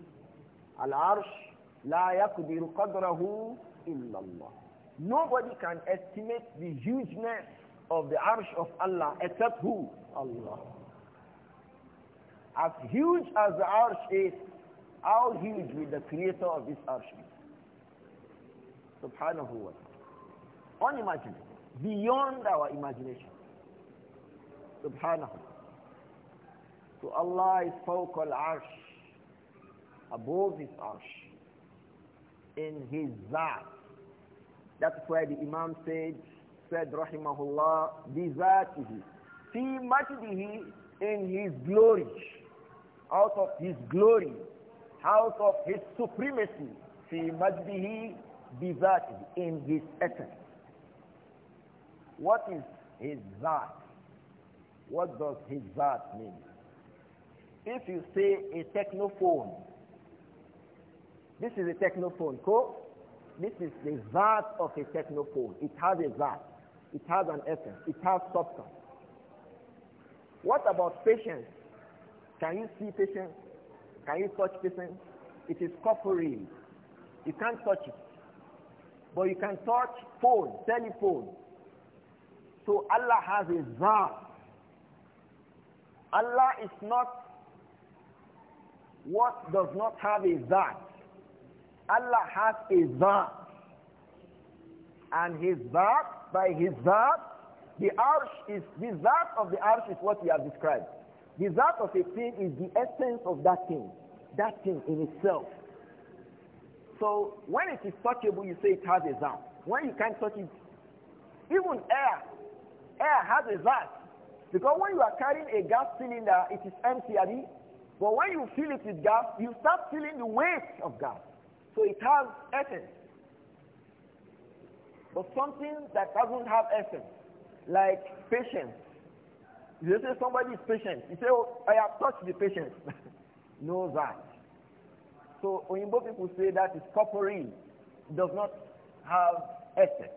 Al-Arsh, لا يقدر قدره إلا الله. Nobody can estimate the hugeness of the Arsh of Allah except who? Allah. As huge as the arsh is, how huge will the creator of this arsh be? Subhanahu wa ta'ala. Unimaginable. Beyond our imagination. Subhanahu. So Allah is فوق arsh. Above his arsh. In his zat. That's why the Imam said, said rahimahullah, bi zatihi. Fi majdihi in his glory out of his glory, out of his supremacy, fi majdihi bizatihi, in his essence. What is his zat? What does his zat mean? If you say a technophone, this is a technophone, co? This is the zat of a technophone. It has a zat. It has an essence. It has substance. What about patience? Can you see patients? Can you touch patients? It is corporeal. You can't touch it. But you can touch phone, telephone. So Allah has a zat. Allah is not what does not have a that. Allah has a zat. And his zat, by his zat, the arsh is, the zat of the arsh is what we have described. The of a thing is the essence of that thing, that thing in itself. So when it is touchable, you say it has a zat. When you can't touch it, even air, air has a zat. Because when you are carrying a gas cylinder, it is empty, But when you fill it with gas, you start feeling the weight of gas. So it has essence. But something that doesn't have essence, like patience, they you say somebody is patient, you say, oh, I have touched the patient. No, that. So both people say that is coppering, does not have effect.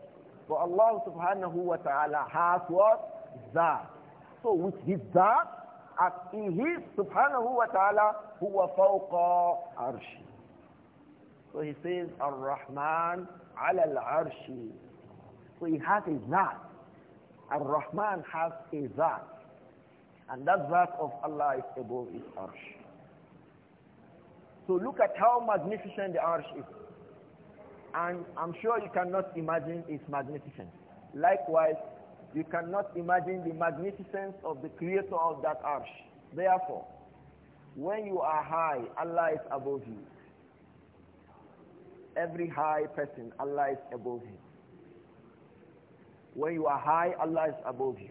But Allah subhanahu wa ta'ala has what? That. So with his that, as in his subhanahu wa ta'ala, huwa fawqa arshi. So he says, Ar-Rahman ala al-arshi. So he has a that. Ar-Rahman has a that. And that verse of Allah is above his arsh. So look at how magnificent the arsh is. And I'm sure you cannot imagine its magnificence. Likewise, you cannot imagine the magnificence of the creator of that arsh. Therefore, when you are high, Allah is above you. Every high person, Allah is above him. When you are high, Allah is above you.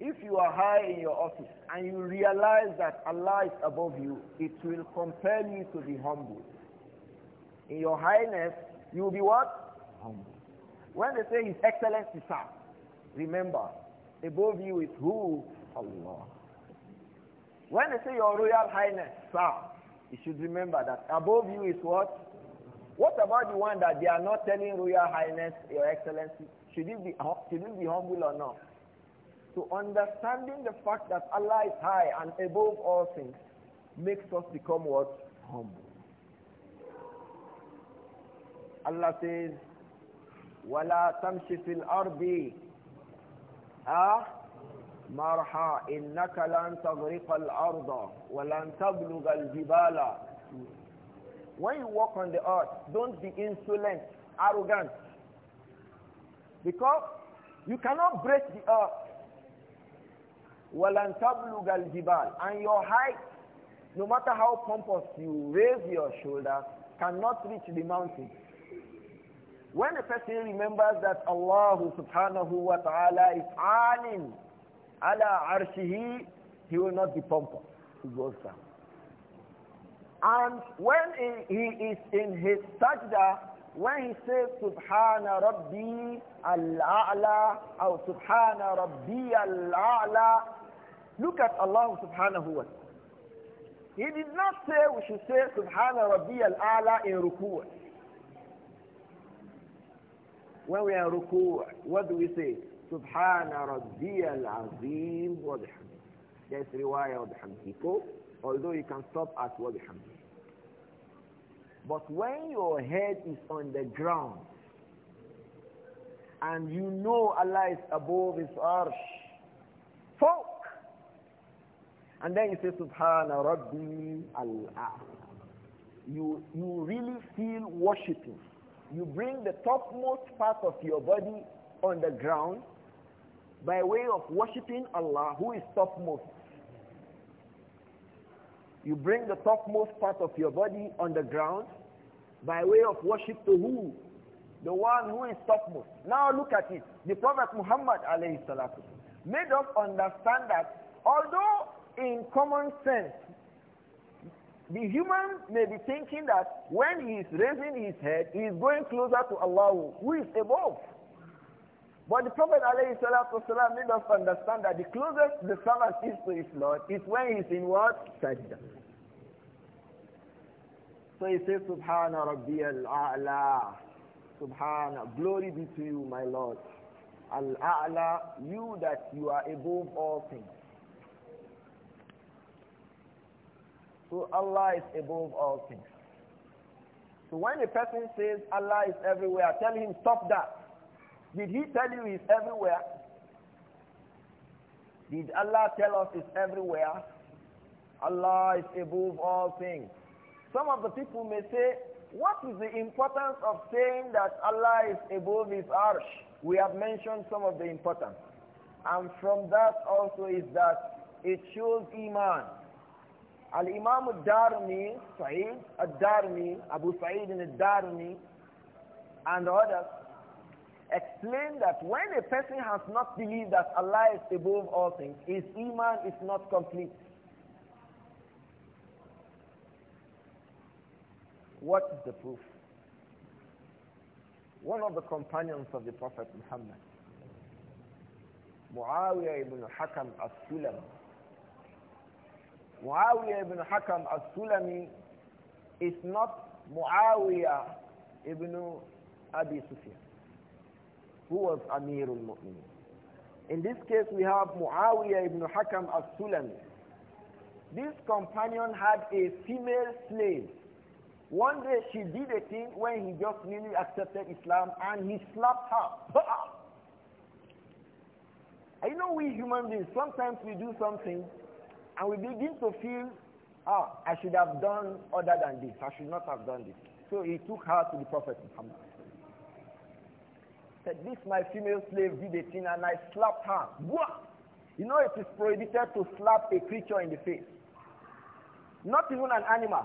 If you are high in your office and you realize that Allah is above you, it will compel you to be humble. In your highness, you will be what? Humble. When they say His Excellency, sir, remember, above you is who? Allah. When they say Your Royal Highness, sir, you should remember that above you is what? What about the one that they are not telling Royal Highness, Your Excellency? Should it be, should it be humble or not? So understanding the fact that Allah is high and above all things makes us become what? Humble. Allah says, وَلَا تَمْشِ فِي الْأَرْضِ أَهْ مَرْحَى إِنَّكَ لَن تَغْرِقَ الْأَرْضَ وَلَن تَبْلُغَ الْجِبَالَ When you walk on the earth, don't be insolent, arrogant. Because you cannot break the earth. وَلَنْ تَبْلُغَ الْجِبَالِ And your height, no matter how pompous you raise your shoulder, cannot reach the mountain. When a person remembers that Allah subhanahu wa ta'ala is alim ala arshihi, he will not be pompous. He goes down. And when he is in his sajda, when he says Subhana Rabbi al-A'la or Subhana Rabbi al-A'la, Look at Allah subhanahu wa ta'ala. He did not say we should say Subhana Rabbi al Ala in Ruku'ah. When we are in Ruku'ah, what do we say? Subhana Rabbi al Azim wa bihamdi. That's riwayah wa bihamdiko, although you can stop at wa bihamdi. But when your head is on the ground, and you know Allah is above His arsh, fall! And then you say, Subhana Rabbi al You You really feel worshipping. You bring the topmost part of your body on the ground by way of worshipping Allah, who is topmost. You bring the topmost part of your body on the ground by way of worship to who? The one who is topmost. Now look at it. The Prophet Muhammad alayhi salatu made us understand that although in common sense, the human may be thinking that when he is raising his head, he is going closer to Allah, who is above. But the Prophet والسلام, made us understand that the closest the servant is to his Lord is when he is in what? Sajda. So he says, Subhana Rabbi al-A'la. Subhana, glory be to you, my Lord. Al-A'la, you that you are above all things. So Allah is above all things. So when a person says Allah is everywhere, tell him stop that. Did he tell you he's everywhere? Did Allah tell us he's everywhere? Allah is above all things. Some of the people may say, what is the importance of saying that Allah is above his arsh? We have mentioned some of the importance. And from that also is that it shows Iman. Al-Imam al-Darmi, Sa'id al-Darmi, Abu Sa'id al-Darmi, and others explain that when a person has not believed that Allah is above all things, his iman is not complete. What is the proof? One of the companions of the Prophet Muhammad, Muawiyah ibn Hakam al Sulam. Muawiyah ibn Hakam al-Sulami is not Muawiyah ibn Abi Sufyan, who was Amirul Mu'minin. In this case, we have Muawiyah ibn Hakam al-Sulami. This companion had a female slave. One day she did a thing when he just newly accepted Islam and he slapped her. I know we human beings, sometimes we do something and we begin to feel, ah, I should have done other than this. I should not have done this. So he took her to the Prophet Muhammad. Said, this my female slave did a thing and I slapped her. What? You know it is prohibited to slap a creature in the face. Not even an animal.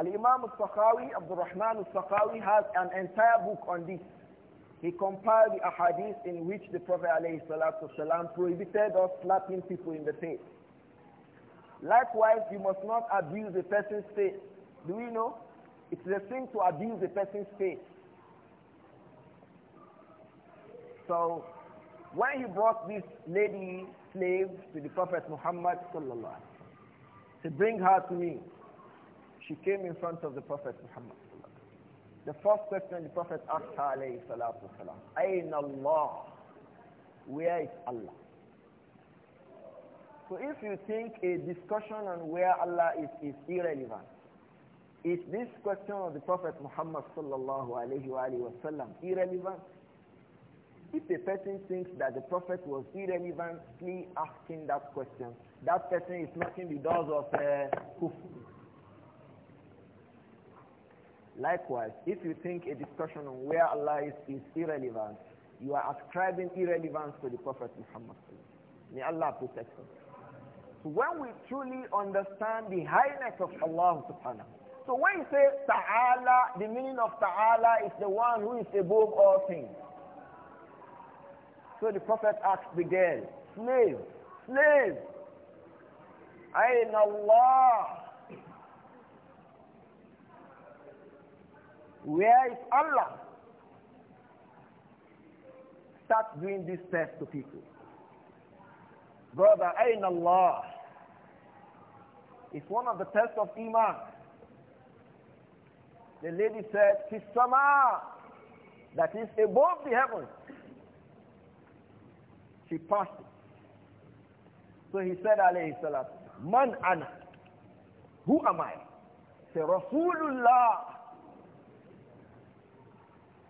Al-Imam al-Sakhawi, Abdul Rahman al-Sakhawi has an entire book on this. He compiled a hadith in which the Prophet ﷺ prohibited us slapping people in the face. Likewise, you must not abuse a person's faith. Do we know? It's a sin to abuse a person's faith. So, when he brought this lady slave to the Prophet Muhammad sallallahu to bring her to me, she came in front of the Prophet Muhammad. The first question the Prophet asked her, alayhi Ayn Allah, where is Allah? So if you think a discussion on where Allah is, is irrelevant, is this question of the Prophet Muhammad sallallahu alayhi wa sallam irrelevant? If a person thinks that the Prophet was irrelevantly asking that question, that person is knocking the doors of uh, Likewise, if you think a discussion on where Allah is, is irrelevant, you are ascribing irrelevance to the Prophet Muhammad. May Allah protect us. So when we truly understand the highness of Allah subhanahu. So when you say ta'ala, the meaning of ta'ala is the one who is above all things. So the Prophet asked the girl, slave, slave, Ayn Allah. Where is Allah? Start doing this test to people. Brother, Ain Allah. It's one of the tests of Iman. The lady said, Fisama, that is above the heavens. She passed it. So he said, alayhi salam, Man ana, who am I? Say, Rasulullah.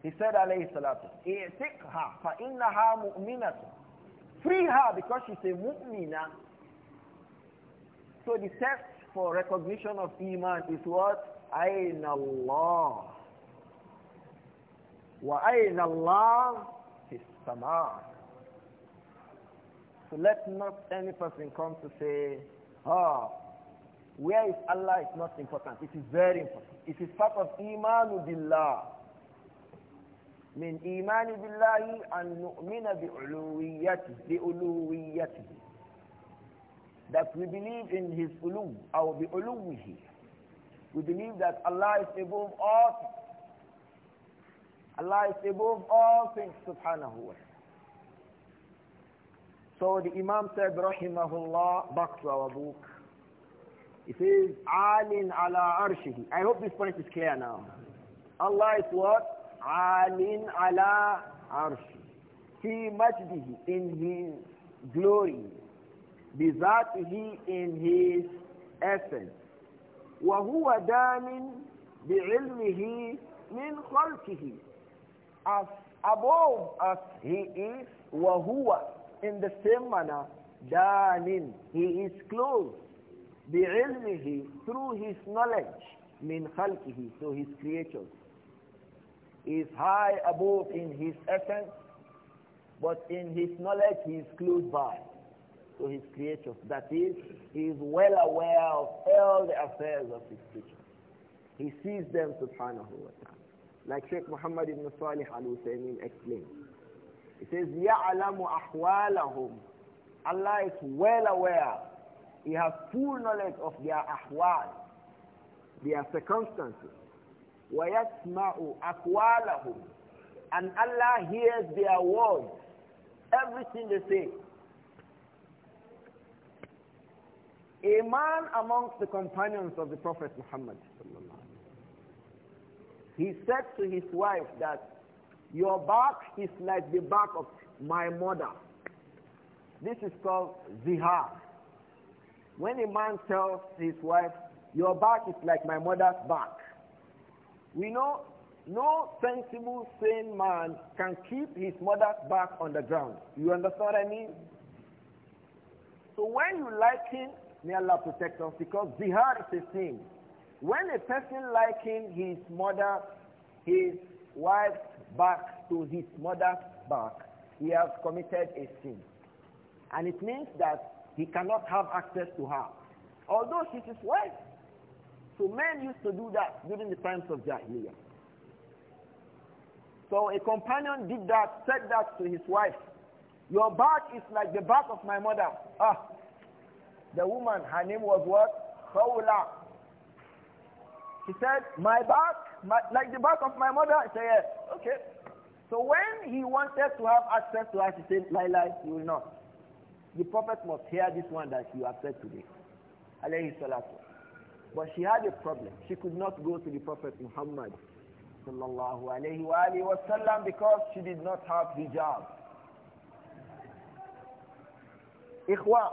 He said, alayhi salatu, i'tiqha fa innaha mu'minatun. Free her because she's a mu'mina. So the test for recognition of iman is what? Ayn Allah. Wa ayn Allah is sama. So let not any person come to say, ah, oh, where is Allah is not important. It is very important. It is part of iman billah. من إيمان بالله أن نؤمن بألويته بألويته that we believe in his ulu or bi we believe that Allah is above all things Allah is above all things subhanahu wa ta'ala so the imam said rahimahullah back to our book it says alin ala arshihi i hope this point is clear now Allah is what عال على عرشه في مجده in his glory بذاته in his essence وهو دام بعلمه من خلقه as above as he is وهو in the same manner دان he is close بعلمه through his knowledge من خلقه so his creatures is high above in his essence, but in his knowledge he is close by to his creatures. That is, he is well aware of all the affairs of his creatures. He sees them subhanahu wa ta'ala. Like Sheikh Muhammad ibn Salih al-Husaymin explained. He says, يَعْلَمُ أَحْوَالَهُم Allah is well aware. He has full knowledge of their ahwal, their circumstances. وَيَسْمَعُ أَقْوَالَهُمْ And Allah hears their words, everything they say. A man amongst the companions of the Prophet Muhammad he said to his wife that your back is like the back of my mother. This is called zihar. When a man tells his wife, your back is like my mother's back, we know no sensible, sane man can keep his mother's back on the ground. You understand what I mean? So when you like him, may Allah protect us because jihad is a sin. When a person liking his mother, his wife's back to his mother's back, he has committed a sin. And it means that he cannot have access to her. Although she's his wife, so men used to do that during the times of Jahiliyyah. So a companion did that, said that to his wife. Your back is like the back of my mother. Ah. The woman, her name was what? Khawla. She said, my back, my, like the back of my mother. I said, yes. Okay. So when he wanted to have access to her, she said, "Laila, you will not. The prophet must hear this one that you have said today. Alayhi salatu but she had a problem. She could not go to the Prophet Muhammad sallallahu because she did not have hijab. Ikhwa,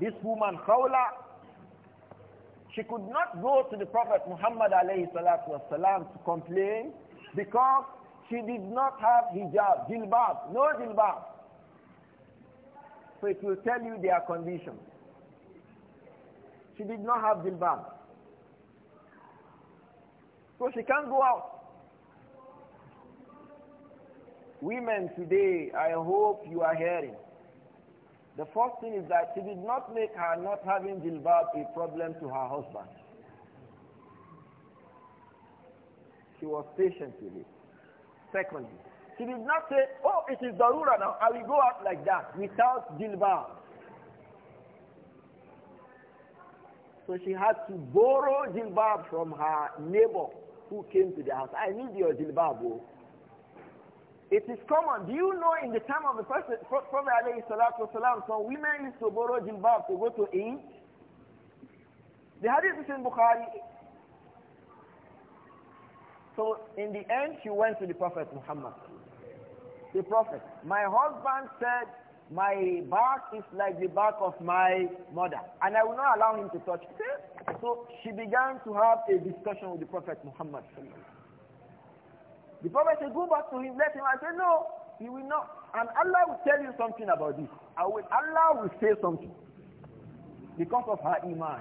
this woman Khawla, she could not go to the Prophet Muhammad alayhi salatu to complain because she did not have hijab, jilbab, no jilbab. So it will tell you their condition. She did not have jilbab. So she can't go out. Women today, I hope you are hearing. The first thing is that she did not make her not having jilbab a problem to her husband. She was patient with it. Secondly, she did not say, oh, it is darura now, I will go out like that without jilbab. So she had to borrow jilbab from her neighbor who came to the house. I need your jilbab. Oh. It is common. Do you know in the time of the Prophet والسلام, some women used to borrow jilbab to go to Eid? The hadith is in Bukhari. So in the end, she went to the Prophet Muhammad. The Prophet, my husband said, my back is like the back of my mother, and I will not allow him to touch me. So she began to have a discussion with the Prophet Muhammad. The Prophet said, go back to him, let him. I said, no, he will not. And Allah will tell you something about this. I will, Allah will say something because of her iman.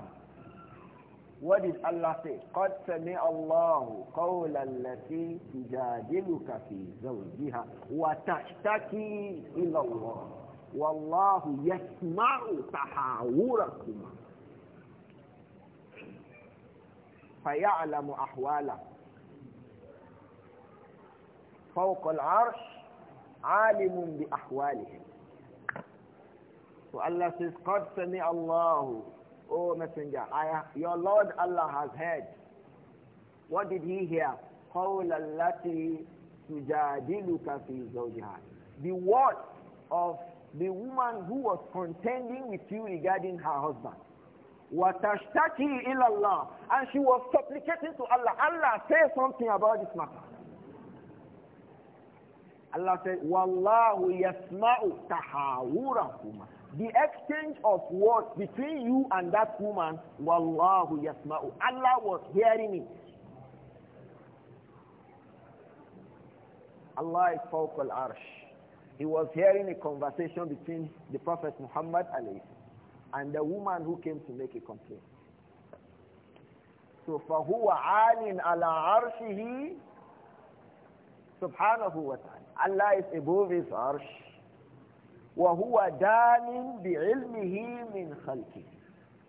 What did Allah say? قَدْ سَمِعَ اللَّهُ قَوْلَ الَّتِي تُجَادِلُكَ فِي زَوْجِهَا وَتَشْتَكِي إِلَى اللَّهِ والله يسمع تحاوركما فيعلم أحواله فوق العرش عالم باحواله والله says, قَدْ سَمِعَ اللَّهُ او Messenger, I, your Lord Allah has heard. What did he hear? قَوْلَ الَّتِي تُجَادِلُكَ فِي زَوْجِهَا The words of the woman who was contending with you regarding her husband. وَتَشْتَكِي إِلَى اللَّهِ And she was supplicating to Allah. Allah, say something about this matter. Allah said, "Wallahu yasmau تَحَاوُرَكُمَا The exchange of words between you and that woman, Wallahu yasmau. Allah was hearing it. Allah is فوق arsh he was hearing a conversation between the Prophet Muhammad and the woman who came to make a complaint. So فَهُوَ عَالٍ عَلَىٰ عَرْشِهِ subhanahu wa ta'ala. Allah is above his arsh. وَهُوَ دَانٍ بِعِلْمِهِ مِنْ خَلْقِهِ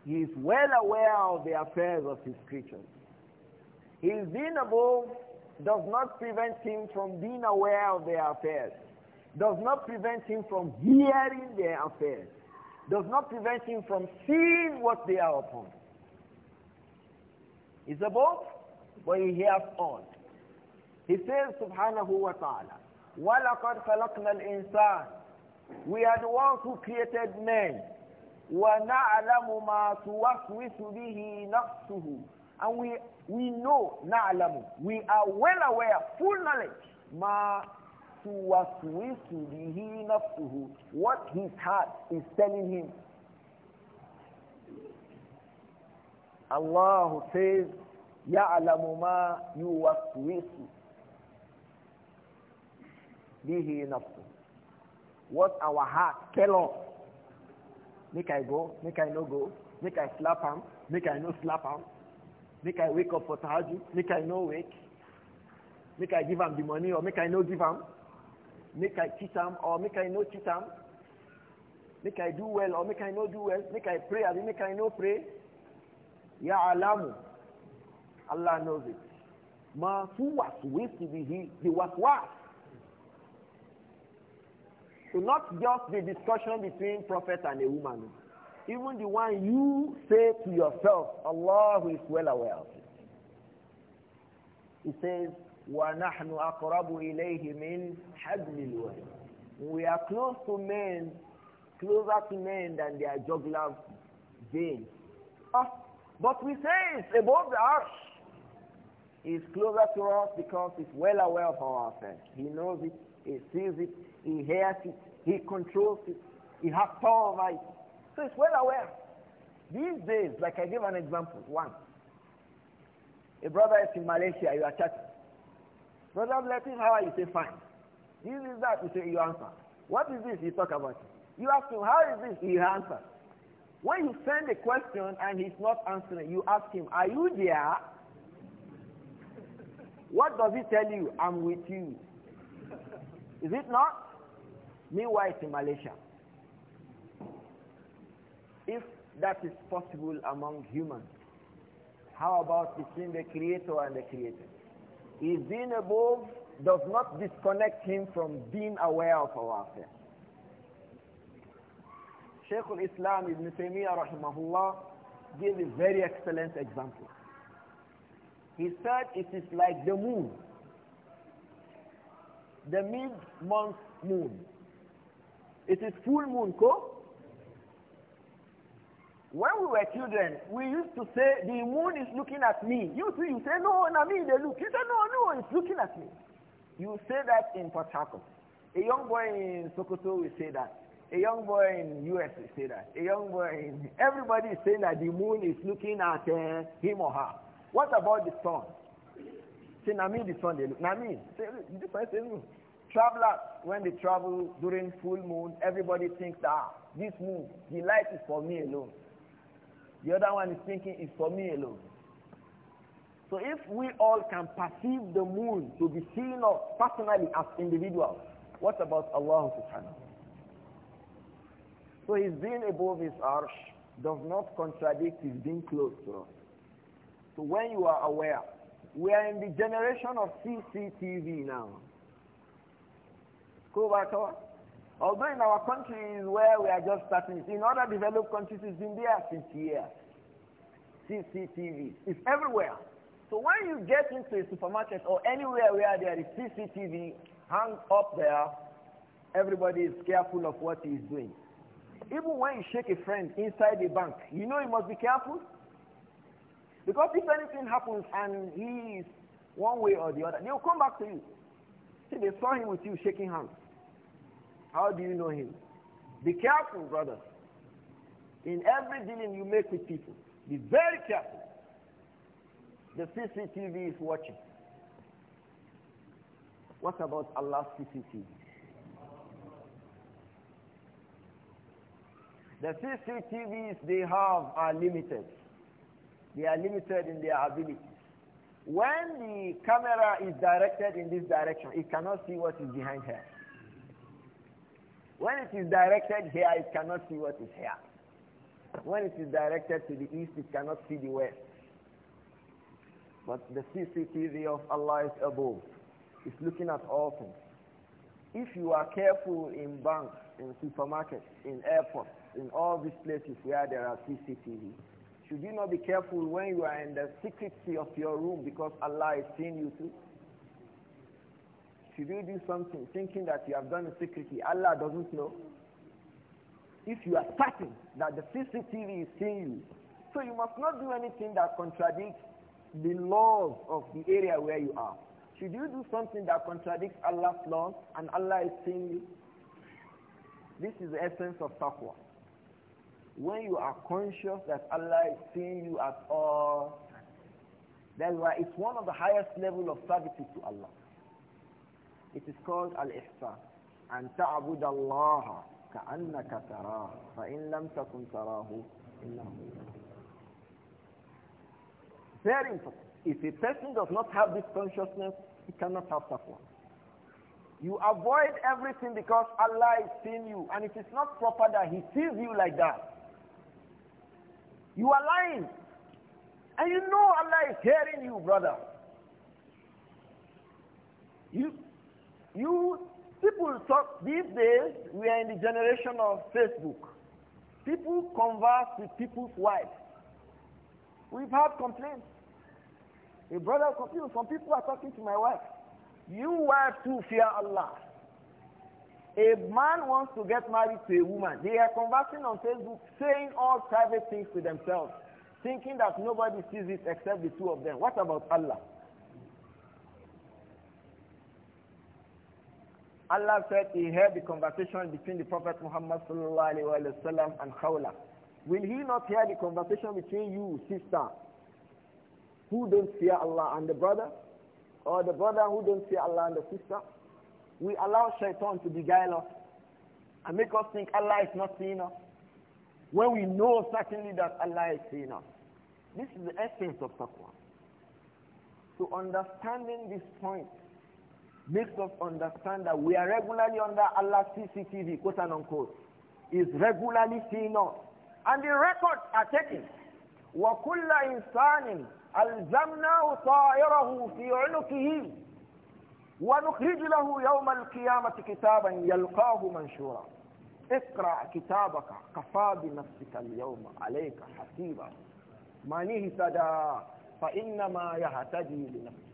He is well aware of the affairs of his creatures. His being above does not prevent him from being aware of their affairs does not prevent him from hearing their affairs, does not prevent him from seeing what they are upon. It's a boat, but he hears all. He says, Subhanahu wa ta'ala, وَلَقَدْ خَلَقْنَا الْإِنسَانِ We are the ones who created man. وَنَعْلَمُ مَا تُوَسْوِسُ بِهِ نَفْسُهُ And we, we know, نَعْلَمُ We are well aware, full knowledge, مَا tuwaswisu he nafsuhu. What his heart is telling him. Allah says, يَعْلَمُ مَا يُوَسْوِسُ bihi nafsuhu. What our heart tell us. Make I go, make I no go, make I slap him, make I no slap him, make I wake up for tahajjud, make I no wake, make I give him the money or make I no give him. Make I cheat am or make I no cheat am. Make I do well or make I no do well. Make I pray or make I no pray. Ya alamu. Allah knows it. Ma fuwas wasbihi the waswas. So not just the discussion between prophet and a woman. Even the one you say to yourself, Allah is well aware of it. He says, وَنَحْنُ أَقْرَبُ إِلَيْهِ مِنْ حَبْلِ We are close to men, closer to men than their jugular veins. Oh, but we say it's above the arsh. is closer to us because it's well aware of our affairs. He knows it, he sees it, he hears it, he controls it, he has power over it. So it's well aware. These days, like I gave an example, one. A brother is in Malaysia, you are chatting. Brother letting how are you? Say, fine. This is that. You say, you answer. What is this? You talk about You ask him, how is this? He answer. When you send a question and he's not answering, you ask him, are you there? What does he tell you? I'm with you. Is it not? Meanwhile, it's in Malaysia. If that is possible among humans, how about between the creator and the created? His being above does not disconnect him from being aware of our affairs. Shaykh al-Islam Ibn Taymiyyah rahimahullah gave a very excellent example. He said it is like the moon, the mid-month moon. It is full moon, ko? When we were children, we used to say, the moon is looking at me. You too, you say, no, na me, they look. You say, no, no, it's looking at me. You say that in Port Harcourt. A young boy in Sokoto will say that. A young boy in US will say that. A young boy in... Everybody is saying that the moon is looking at uh, him or her. What about the sun? Say, Nami, the sun, they look. Nami, say, this one, say, look. Hmm. Travelers, when they travel during full moon, everybody thinks, ah, this moon, the light is for me alone. The other one is thinking it's for me alone. So if we all can perceive the moon to be seen personally as individuals, what about Allah subhanahu So his being above his arsh does not contradict his being close to us. So when you are aware, we are in the generation of CCTV now. Go back Although in our country is where we are just starting, in other developed countries it's been there since years. CCTV is everywhere. So when you get into a supermarket or anywhere where there is CCTV hung up there, everybody is careful of what he is doing. Even when you shake a friend inside a bank, you know you must be careful. Because if anything happens and he is one way or the other, they will come back to you. See, they saw him with you shaking hands. How do you know him? Be careful, brother. In every dealing you make with people, be very careful. The CCTV is watching. What about Allah's CCTV? The CCTVs they have are limited. They are limited in their abilities. When the camera is directed in this direction, it cannot see what is behind here. When it is directed here, it cannot see what is here. When it is directed to the east, it cannot see the west. But the CCTV of Allah is above. It's looking at all things. If you are careful in banks, in supermarkets, in airports, in all these places where there are CCTV, should you not be careful when you are in the secrecy of your room because Allah is seeing you too? Should you do something thinking that you have done it secretly? Allah doesn't know. If you are certain that the CCTV is seeing you, so you must not do anything that contradicts the laws of the area where you are. Should you do something that contradicts Allah's law and Allah is seeing you? This is the essence of taqwa. When you are conscious that Allah is seeing you at all, that's why it's one of the highest level of services to Allah. It is called al-ihsan. ta'bud Allah, الله كأنك تراه فإن لم تكن تراه إنه Very important. If a person does not have this consciousness, he cannot have taqwa. You avoid everything because Allah is seeing you and it is not proper that He sees you like that. You are lying. And you know Allah is hearing you, brother. You you people talk these days, we are in the generation of Facebook. People converse with people's wives. We've had complaints. A brother complained, some people are talking to my wife. You wives too fear Allah. A man wants to get married to a woman. They are conversing on Facebook, saying all private things to themselves, thinking that nobody sees it except the two of them. What about Allah? Allah said he heard the conversation between the Prophet Muhammad وسلم, and Khawla. Will he not hear the conversation between you, sister, who don't fear Allah and the brother? Or the brother who don't fear Allah and the sister? We allow shaitan to beguile us and make us think Allah is not seeing us. When we know certainly that Allah is seeing us. This is the essence of taqwa. To so understanding this point, makes us understand that we are regularly under Allah's CCTV, quote and unquote. Is regularly seeing us. And the records are taken. وَكُلَّ إِنسَانٍ أَلْزَمْنَاهُ طَائِرَهُ فِي عُنُقِهِ ونخرج له يوم القيامة كتابا يلقاه منشورا اقرأ كتابك كفى بنفسك اليوم عليك حسيبا من اهتدى فإنما يهتدي لنفسه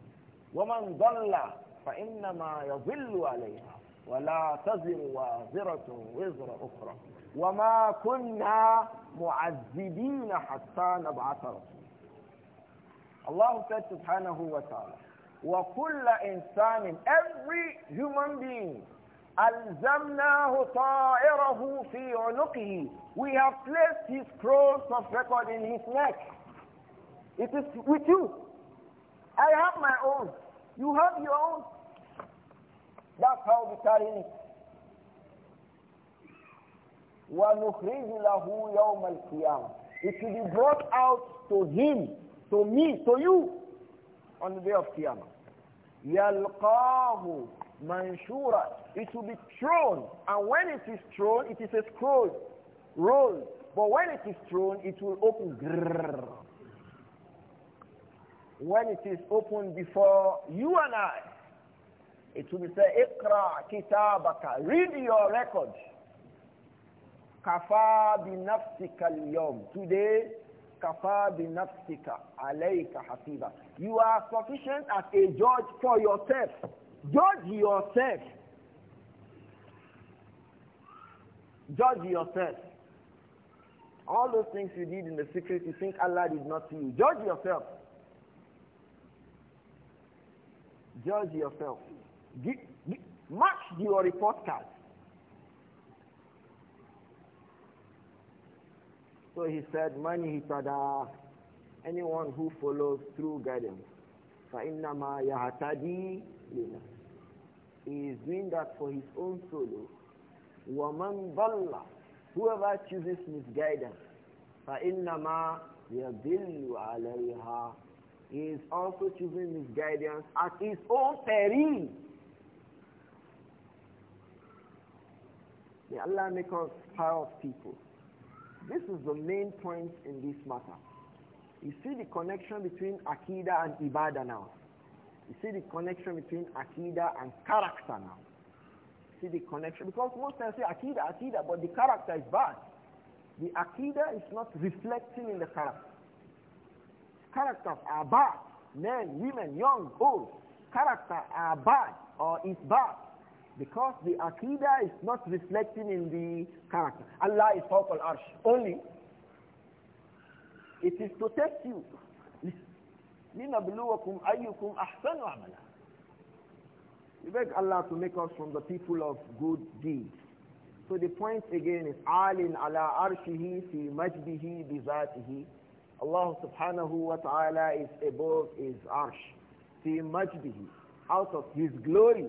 ومن ضل فإنما يظل عليها ولا تزر وازرة وزر أخرى وما كنا معذبين حتى نبعث رسول الله سبحانه وتعالى وكل إنسان every human being ألزمناه طائره في عنقه we have placed his cross of record in his neck it is with you I have my own you have your own That's how we carry it. وَنُخْرِجُ لَهُ يَوْمَ الْقِيَامَةِ It will be brought out to him, to me, to you, on the day of Qiyamah. يَلْقَاهُ مَنْشُورًا It will be thrown. And when it is thrown, it is a scroll, roll. But when it is thrown, it will open. When it is opened before you and I, it will be said, Iqra kitabaka. Read your record. Kafa binafsika liyom Today, kafa binafsika nafsika alayka hasiba. You are sufficient as a judge for yourself. Judge yourself. Judge yourself. All those things you did in the secret, you think Allah did not see you. Judge yourself. Judge yourself match your report card. So he said, Mani hitada, anyone who follows true guidance, فَإِنَّمَا ma لِنَا He is doing that for his own solo. وَمَنْ ضَلَّ Whoever chooses misguidance, ma يَضِلُّ alayha, He is also choosing misguidance at his own peril. May Allah make us pious people. This is the main point in this matter. You see the connection between Akida and Ibadah now. You see the connection between Akida and character now. You see the connection because most times say Akida, Akida, but the character is bad. The Akida is not reflecting in the character. Characters are bad. Men, women, young, old. Character are bad or is bad. Because the Aqidah is not reflecting in the character. Allah is Fawq al-Arsh only. It is to test you. لِنَبْلُوَكُمْ أَيُّكُمْ أَحْسَنُ عَمَلًا We beg Allah to make us from the people of good deeds. So the point again is عَالٍ عَلَىٰ عَرْشِهِ فِي مَجْدِهِ بِذَاتِهِ Allah subhanahu wa ta'ala is above his arsh. فِي مَجْدِهِ Out of his glory.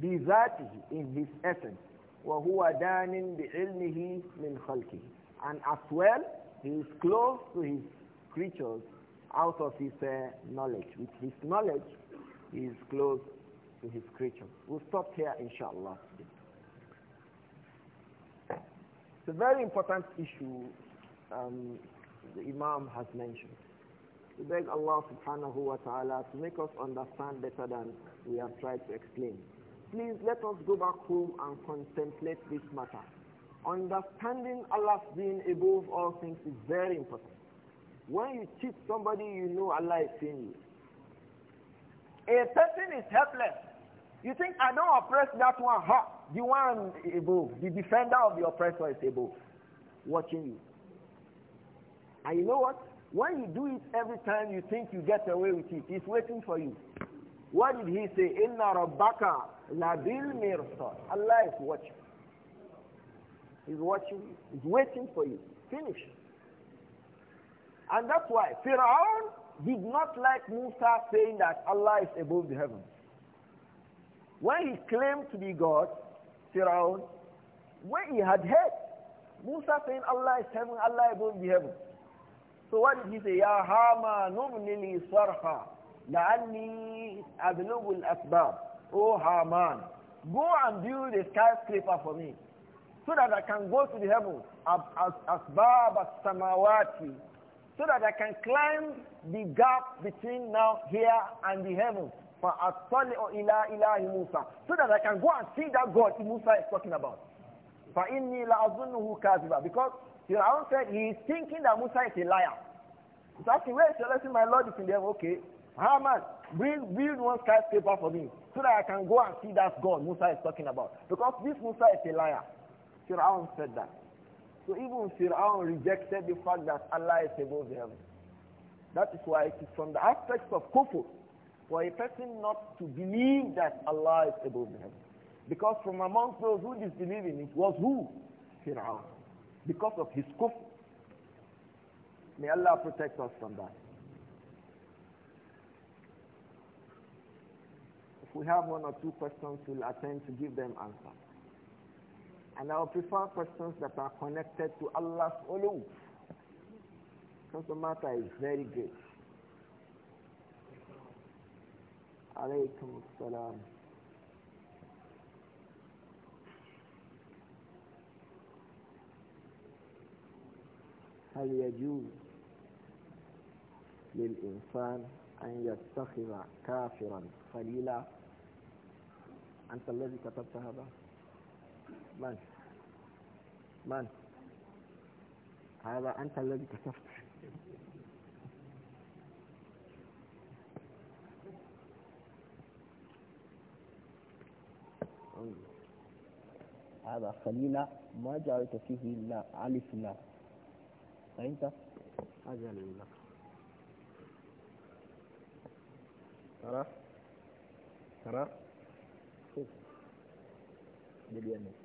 بذاته in his essence وهو دان بعلمه من خلقه and as well he is close to his creatures out of his uh, knowledge with his knowledge he is close to his creatures we'll stop here inshallah it's a very important issue um, the Imam has mentioned we beg Allah subhanahu wa ta'ala to make us understand better than we have tried to explain Please let us go back home and contemplate this matter. Understanding Allah's being above all things is very important. When you cheat somebody, you know Allah is seeing you. A person is helpless. You think, I don't oppress that one. Ha! The one above, the defender of the oppressor is above, watching you. And you know what? When you do it every time you think you get away with it, it's waiting for you. What did he say? Inna rabbaka labil mirsad. Allah is watching. He's watching He's waiting for you. Finish. And that's why Pharaoh did not like Musa saying that Allah is above the heavens. When he claimed to be God, Pharaoh, when he had heard Musa saying Allah is heaven, Allah above the heavens. So what did he say? Ya Hama nubnili sarha. لَعَلِّي أَبْلُغُ الْأَسْبَابِ Oh Haman, go and build the skyscraper for me so that I can go to the heavens, as asbab as samawati, so that I can climb the gap between now here and the heavens. For ila ilahi Musa, so that I can go and see that God Musa is talking about. For inni la azunuhu because Firaun said he is thinking that Musa is a liar. So I said, where is your lesson? My Lord is in there. Okay, Haman, build, build one skyscraper for me so that I can go and see that God Musa is talking about. Because this Musa is a liar. Fir'aun said that. So even Fir'aun rejected the fact that Allah is above the heaven. That is why it is from the aspects of kufr for a person not to believe that Allah is above the heaven. Because from amongst those who disbelieved in it was who? Fir'aun. Because of his kufr. May Allah protect us from that. we have one or two questions, we'll attempt to give them answer. And I will prefer questions that are connected to Allah's ulu. Because the matter is very great. Alaykum salam. هل يجوز للإنسان أن يتخذ كافرا خليلا أنت الذي كتبت هذا من من هذا أنت الذي كتبت هذا خلينا ما جعلت فيه إلا ألف لا فهمت؟ أجل لك ترى ترى millionaire.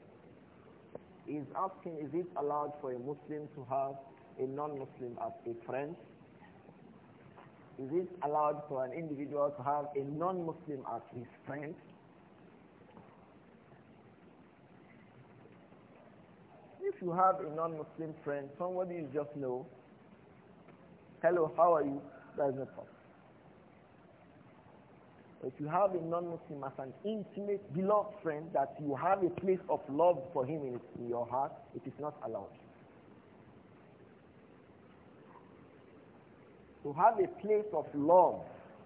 is asking, is it allowed for a Muslim to have a non-Muslim as a friend? Is it allowed for an individual to have a non-Muslim as his friend? If you have a non-Muslim friend, somebody you just know, hello, how are you? That's not. problem. If you have a non-Muslim as an intimate, beloved friend that you have a place of love for him in, in your heart, it is not allowed. To have a place of love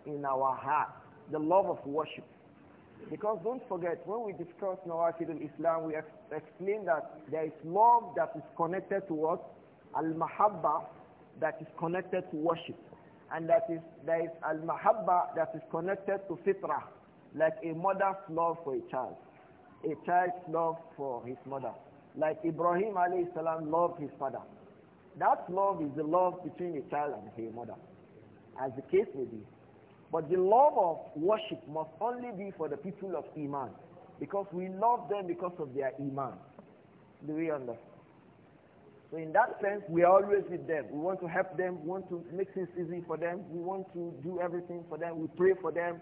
in our heart, the love of worship. Because don't forget, when we discuss Nawakidul Islam, we explain that there is love that is connected to us, Al-Mahabba that is connected to worship and that is there is al mahabba that is connected to fitra like a mother's love for a child a child's love for his mother like ibrahim alayhi salam loved his father that love is the love between a child and his mother as the case may be but the love of worship must only be for the people of iman because we love them because of their iman do we understand so in that sense, we are always with them. We want to help them. We want to make things easy for them. We want to do everything for them. We pray for them.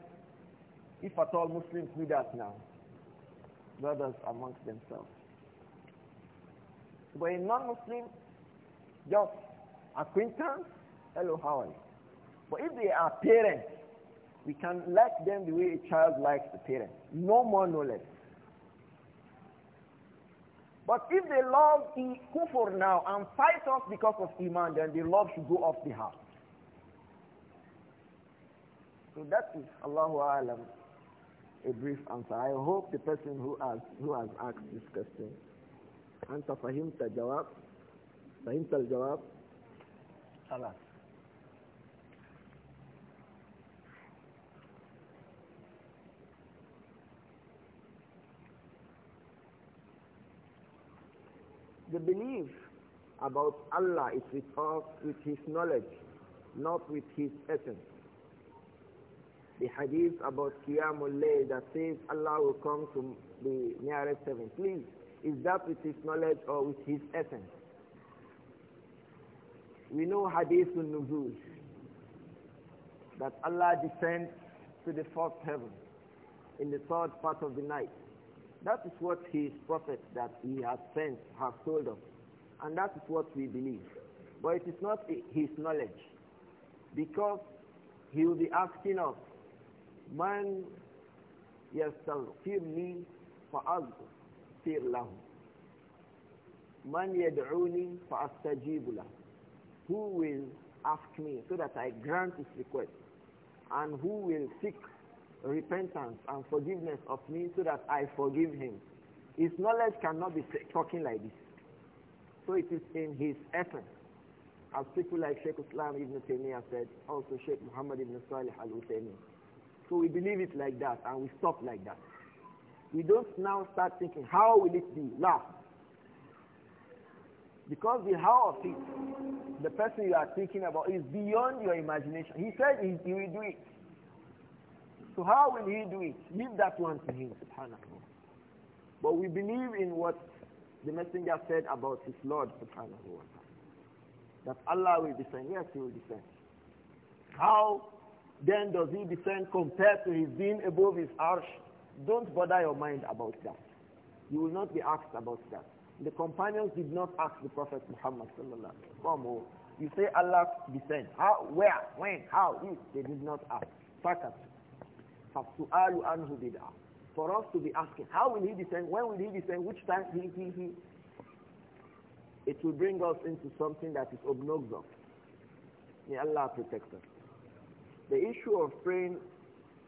If at all Muslims do that now, brothers amongst themselves. But in non-Muslim, just acquaintance, hello, how are you? But if they are parents, we can like them the way a child likes the parent. No more, no less. But if they love the kufr now and fight us because of iman, then the love should go off the heart. So that is Allahu Alam, a brief answer. I hope the person who has, who has asked this question, أنت فهمت جواب فهمت الجواب خلاص The belief about Allah is with us with His knowledge, not with His essence. The hadith about Qiyamul Layl that says Allah will come to the nearest heaven. Please, is that with His knowledge or with His essence? We know Hadithul Nuzul that Allah descends to the fourth heaven in the third part of the night. That is what his prophet that he has sent has told us. And that is what we believe. But it is not his knowledge. Because he will be asking us, Man yastaghfirni fa'aghfir lahu. Man yad'uni fa'astajibu lahu. Who will ask me so that I grant his request? And who will seek repentance and forgiveness of me so that I forgive him. His knowledge cannot be talking like this. So it is in his essence. As people like Sheikh Islam Ibn Taymiyyah said, also Sheikh Muhammad Ibn Salih Al Uthaymeen. So we believe it like that and we stop like that. We don't now start thinking, how will it be? Now, because the how of it, the person you are thinking about is beyond your imagination. He said he, he will do it. So how will he do it? Leave that one to him, subhanahu. But we believe in what the messenger said about his Lord, subhanahu wa That Allah will descend. Yes, he will descend. How then does he descend compared to his being above his arsh? Don't bother your mind about that. You will not be asked about that. The companions did not ask the Prophet Muhammad sallallahu oh, You say Allah descend. How? Where? When? How? They did not ask. Fakat. فَالسُؤَالُ أَنْهُ بِدْعَ For us to be asking, how will he descend? When will he descend? Which time? He, he, he. It will bring us into something that is obnoxious. May Allah protect us. The issue of praying,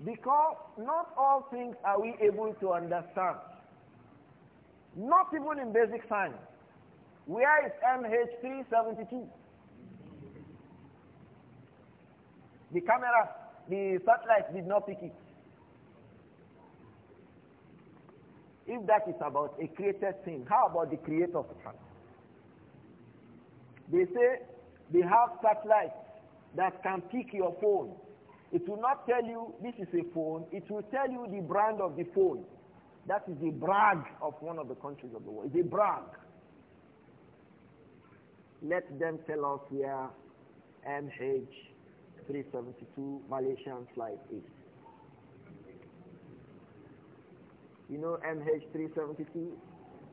because not all things are we able to understand. Not even in basic science. Where is MH372? The camera, the satellite did not pick it. If that is about a created thing, how about the creator of the They say they have satellites that can pick your phone. It will not tell you this is a phone. It will tell you the brand of the phone. That is the brag of one of the countries of the world. It's a brag. Let them tell us where MH372 Malaysian flight is. You know MH370,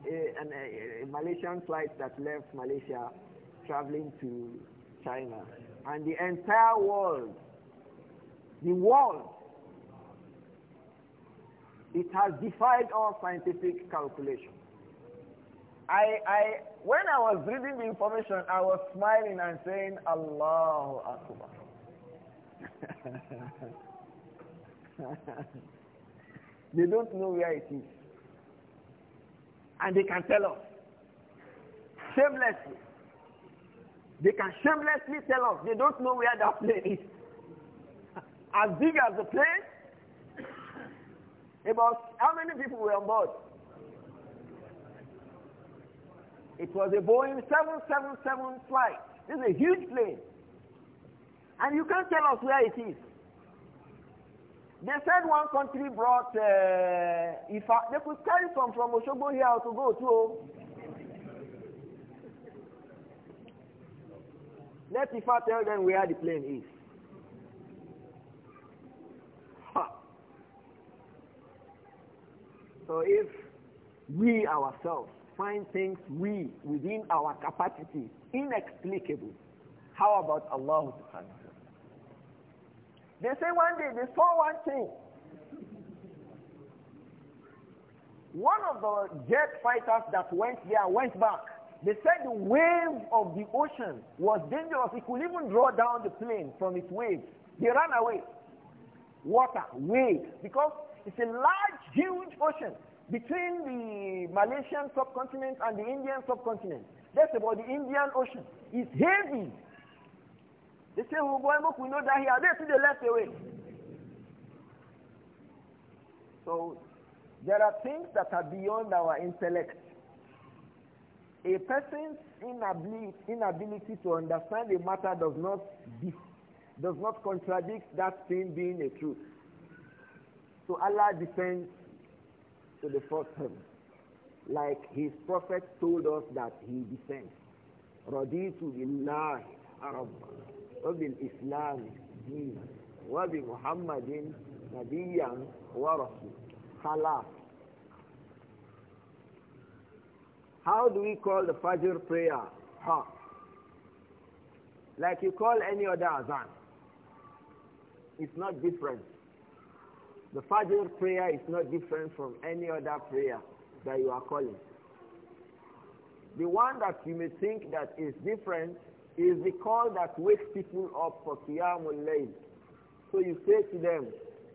a, a, a Malaysian flight that left Malaysia traveling to China. And the entire world, the world, it has defied all scientific calculation. I, I, when I was reading the information, I was smiling and saying, Allahu Akbar. They don't know where it is. And they can tell us. Shamelessly. They can shamelessly tell us they don't know where that plane is. As big as the plane, about how many people were on board? It was a Boeing 777 flight. This is a huge plane. And you can't tell us where it is. They said one country brought uh, Ifa. They could carry some from Oshogbo here to go to. Let Ifa tell them where the plane is. Ha. So if we ourselves find things we within our capacity inexplicable, how about Allah subhanahu they say one day they saw one thing. One of the jet fighters that went there went back. They said the wave of the ocean was dangerous. It could even draw down the plane from its waves. They ran away. Water, wave because it's a large, huge ocean between the Malaysian subcontinent and the Indian subcontinent. That's about the Indian Ocean. It's heavy. He said, oh boy, we know that here. They see they left away. So there are things that are beyond our intellect. A person's inability to understand a matter does not does not contradict that thing being a truth. So Allah descends to the fourth heaven, like His prophet told us that He descends. رضيت بالله Arab. وبالإسلام دين وبمحمد نبيا ورسول خلاص How do we call the Fajr prayer? Ha. Like you call any other azan. It's not different. The Fajr prayer is not different from any other prayer that you are calling. The one that you may think that is different is the call that wakes people up for Qiyamul Layl. So you say to them,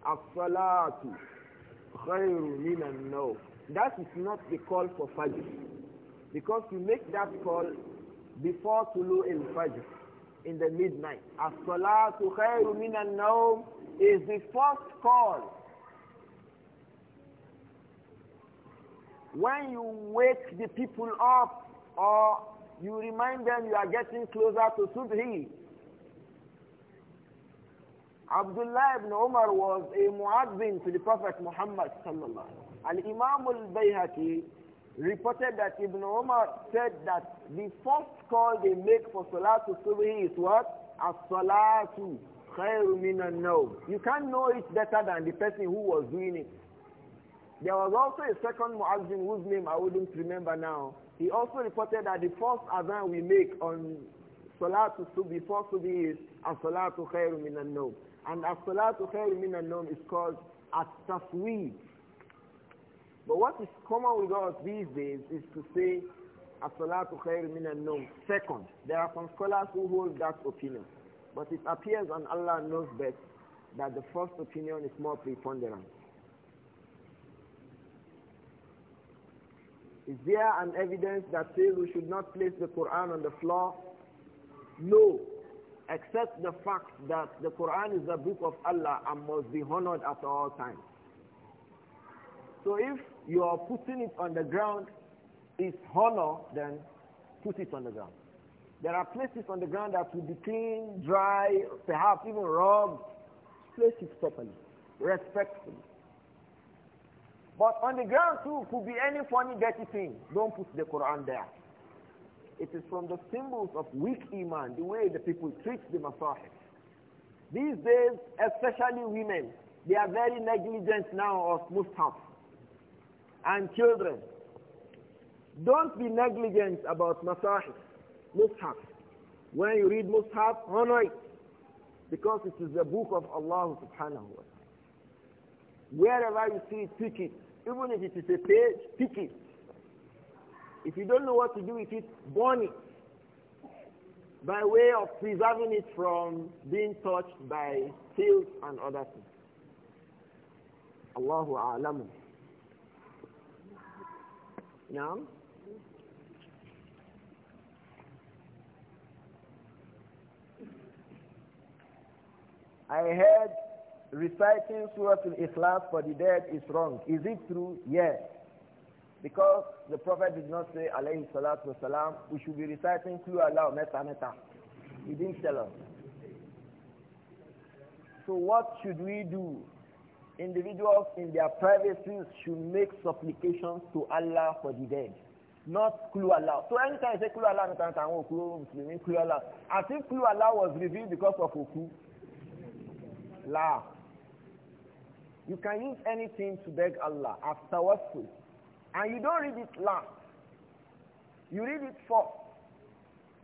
As-salatu khayru minan no. That is not the call for Fajr. Because you make that call before Tulu in Fajr, in the midnight. As-salatu khayru minan no is the first call. When you wake the people up or you remind them you are getting closer to Subhi. Abdullah ibn Umar was a muazzin to the Prophet Muhammad sallallahu Al-Imam al-Bayhaqi reported that Ibn Umar said that the first call they make for Salatu Subhi is what? As-Salatu khairu minan nawm. You can't know it better than the person who was doing it. There was also a second muazzin whose name I wouldn't remember now he also reported that the first adhan we make on Salatu Subi, before Subi is As-Salatu Khairu Minan nom And As-Salatu Khairu Minan nom is called as tafweed But what is common with us these days is to say As-Salatu Khairu Minan nom second. There are some scholars who hold that opinion. But it appears and Allah knows best that the first opinion is more preponderant. Is there an evidence that says we should not place the Quran on the floor? No, except the fact that the Quran is the book of Allah and must be honored at all times. So if you are putting it on the ground, it's honor, then put it on the ground. There are places on the ground that will be clean, dry, perhaps even rubbed. Place it properly, respectfully. But on the ground too could be any funny dirty thing. Don't put the Quran there. It is from the symbols of weak iman, the way the people treat the masahib. These days, especially women, they are very negligent now of mustaf and children. Don't be negligent about masahib, mustaf. When you read mustaf, honor it. Because it is the book of Allah subhanahu wa ta'ala. Wherever you see it, pick it. Even if it is a page, pick it. If you don't know what to do with it, burn it by way of preserving it from being touched by thieves and other things. Allahu A'lamu. Now, I heard reciting Surah Al-Ikhlas for the dead is wrong. Is it true? Yes. Because the Prophet did not say, alayhi salatu wasalam, we should be reciting Klu Allah meta meta. He didn't tell us. So what should we do? Individuals in their privacies should make supplications to Allah for the dead. Not Klu Allah. So anytime you say Klu Allah meta meta, Klu Klu Allah. I think Klu Allah was revealed because of Oku. La. You can use anything to beg Allah after tawassul. And you don't read it last. You read it first.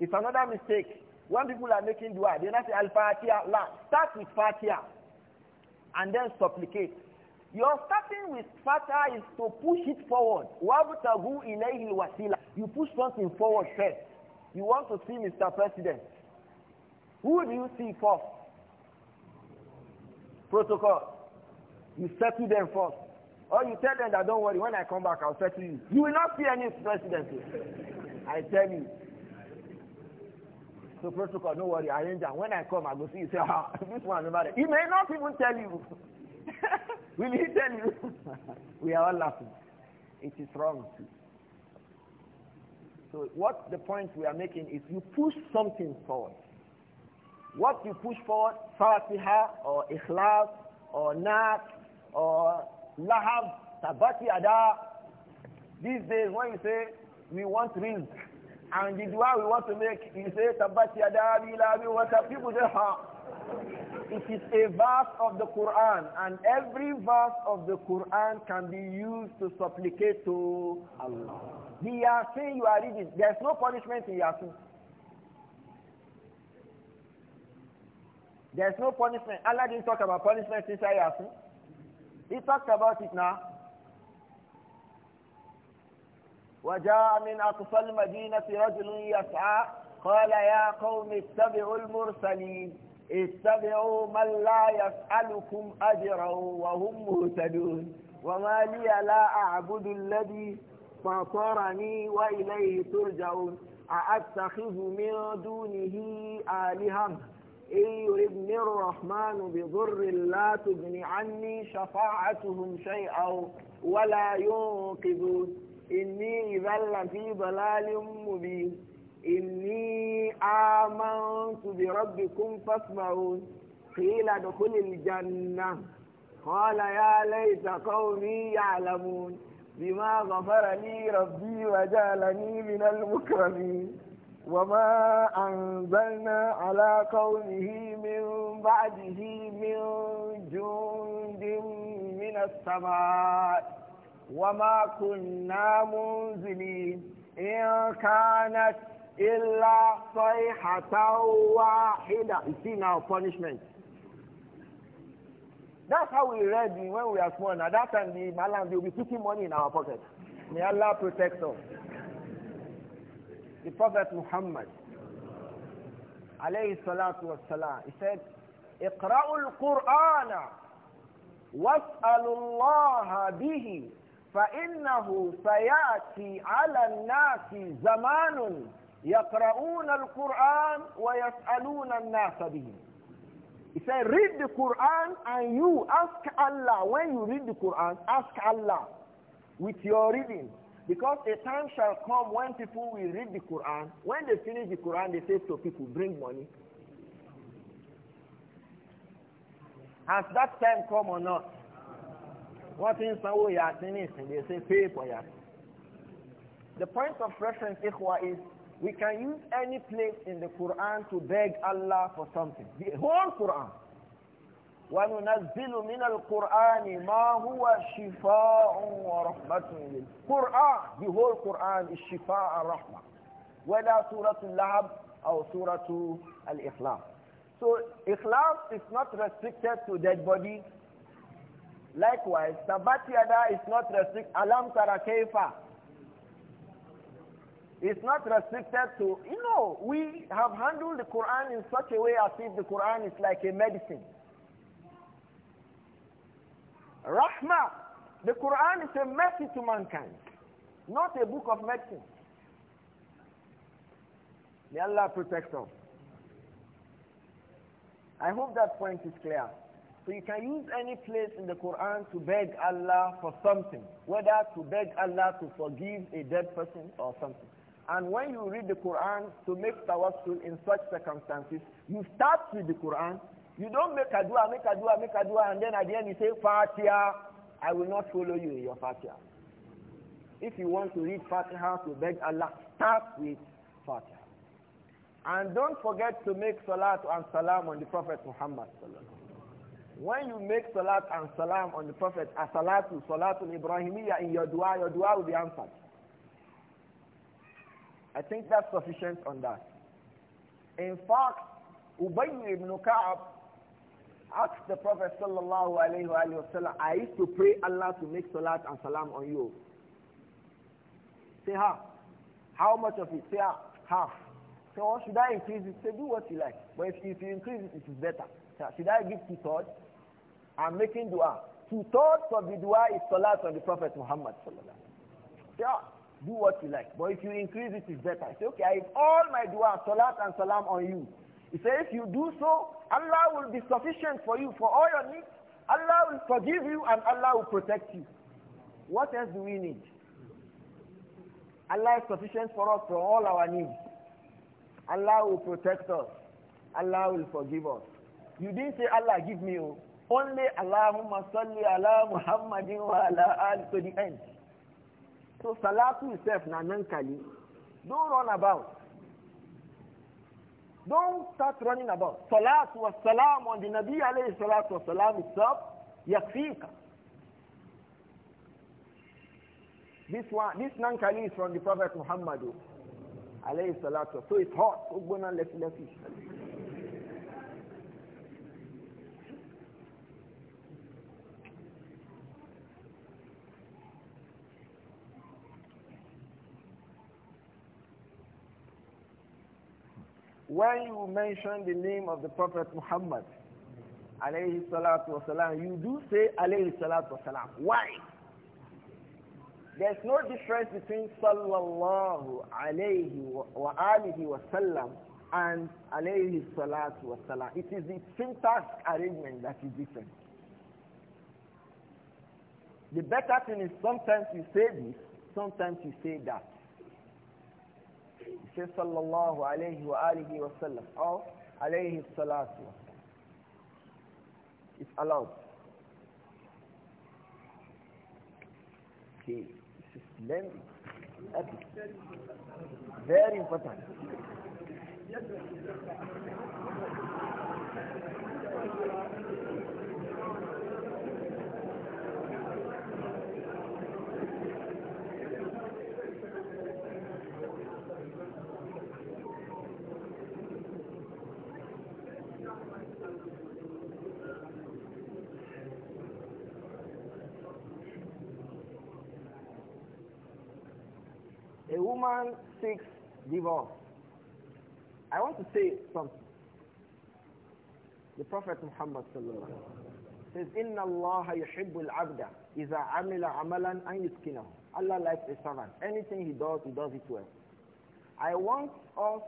It's another mistake. When people are making dua, they not say al-fatiha last. Start with fatiha and then supplicate. Your starting with fatiha is to push it forward. You push something forward first. You want to see Mr. President. Who do you see first? Protocol. You settle them first. Or you tell them that don't worry, when I come back, I'll settle you. You will not see any president. I tell you. So protocol, no worry, I arrange and When I come, I go see you. Say, ah, this one, no matter. He may not even tell you. will he tell you? we are all laughing. It is wrong. Too. So what the point we are making is you push something forward. What you push forward, Fatiha or Ikhlas or not or lahab, tabati ada. These days when you say we want rizq and the dua we want to make, you say tabati ada bilabi wata. People say ha. It is a verse of the Quran and every verse of the Quran can be used to supplicate to Allah. The Yasin you are reading, there is no punishment in Yasin. There's no punishment. Allah didn't talk about punishment inside Yasin. He talked about it now. وجاء من أقصى المدينة رجل يسعى قال يا قوم اتبعوا المرسلين اتبعوا من لا يسألكم أجرا وهم مهتدون وما لي لا أعبد الذي فطرني وإليه ترجعون أأتخذ من دونه آلهة إن يردني الرحمن بضر لا تغني عني شفاعتهم شيئا ولا ينقذون إني إذا لفي ضلال مبين إني آمنت بربكم فاسمعون قيل ادخل الجنة قال يا ليت قومي يعلمون بما غفر لي ربي وجعلني من المكرمين وما أنزلنا على قومه من بعده من جند من السماء وما كنا منزلين إن كانت إلا صيحة واحدة You see now punishment. That's how we read when we are small. Now that time the Malam will be putting money in our pocket. May Allah protect us. the Prophet Muhammad alayhi salatu was salam, he said, اقرأوا القرآن واسألوا الله به فإنه سيأتي على الناس زمان يقرؤون القرآن ويسألون الناس به He said, read the Quran and you ask Allah, when you read the Quran, ask Allah with your reading. Because a time shall come when people will read the Quran. When they finish the Quran, they say to people, bring money. Has that time come or not? What in Sawo Yasin is, they say pay for Yasin. The point of reference, Ikhwa, is we can use any place in the Quran to beg Allah for something. The whole Quran. وَنُنَزِّلُ مِنَ الْقُرْآنِ مَا هُوَ شِفَاءٌ وَرَحْمَةٌ لِلْ Qur'an, the whole Qur'an is shifa and rahmah. Whether Surah Al-Lahab or Surah Al-Ikhlas. So Ikhlas is not restricted to dead body. Likewise, Sabat Yada is not restricted. Alam Tara is it's not restricted to, you know, we have handled the Quran in such a way as if the Quran is like a medicine. Rahma, The Quran is a mercy to mankind, not a book of medicine. May Allah protect us. I hope that point is clear. So you can use any place in the Quran to beg Allah for something, whether to beg Allah to forgive a dead person or something. And when you read the Quran to make tawassul in such circumstances, you start with the Quran you don't make a dua, make a dua, make a dua, and then at the end you say, Fatiha, I will not follow you in your Fatiha. If you want to read Fatiha to beg Allah, start with Fatiha. And don't forget to make salat and salam on the Prophet Muhammad. When you make salat and salam on the Prophet, as salatu, salatul Ibrahimiyya in your dua, your dua will be answered. I think that's sufficient on that. In fact, Ubayy ibn Ka'ab Ask the Prophet sallallahu alayhi wa I used to pray Allah to make salat and salam on you. Say how? How much of it? Say half. half. Say, well, should I increase it? Say, do what you like. But if, if you increase it, it is better. Say, should I give two thirds? I'm making dua. Two thirds of the dua is salat on the Prophet Muhammad sallallahu Say, ah, do what you like. But if you increase it, it's better. Say, okay, I have all my dua, salat and salam on you. He said, if you do so, Allah will be sufficient for you for all your needs. Allah will forgive you and Allah will protect you. What else do we need? Allah is sufficient for us for all our needs. Allah will protect us. Allah will forgive us. You didn't say Allah give me oh. only Allahumma salli ala Muhammadin wa ala al to the end. So salatu yourself na nankali. Don't run about. Don't start running about. Salat was salam on the Nabi alayhi salatu was salam itself. Yakfika. This one, this nankali is from the Prophet Muhammad alayhi salatu. So it's hot. when you mention the name of the Prophet Muhammad, alayhi salatu wasalam, you do say alayhi salatu wasalam. Why? There's no difference between sallallahu alayhi wa alihi wasallam and alayhi salatu wasalam. It is the syntax arrangement that is different. The better thing is sometimes you say this, sometimes you say that. it صلى الله عليه واله وسلم او عليه الصلاه والسلام it's allowed okay this is very important A woman seeks divorce. I want to say something. The Prophet Muhammad says, Inna Allah al abda iza amila amalan an yuskinahu. Allah likes a servant. Anything he does, he does it well. I want us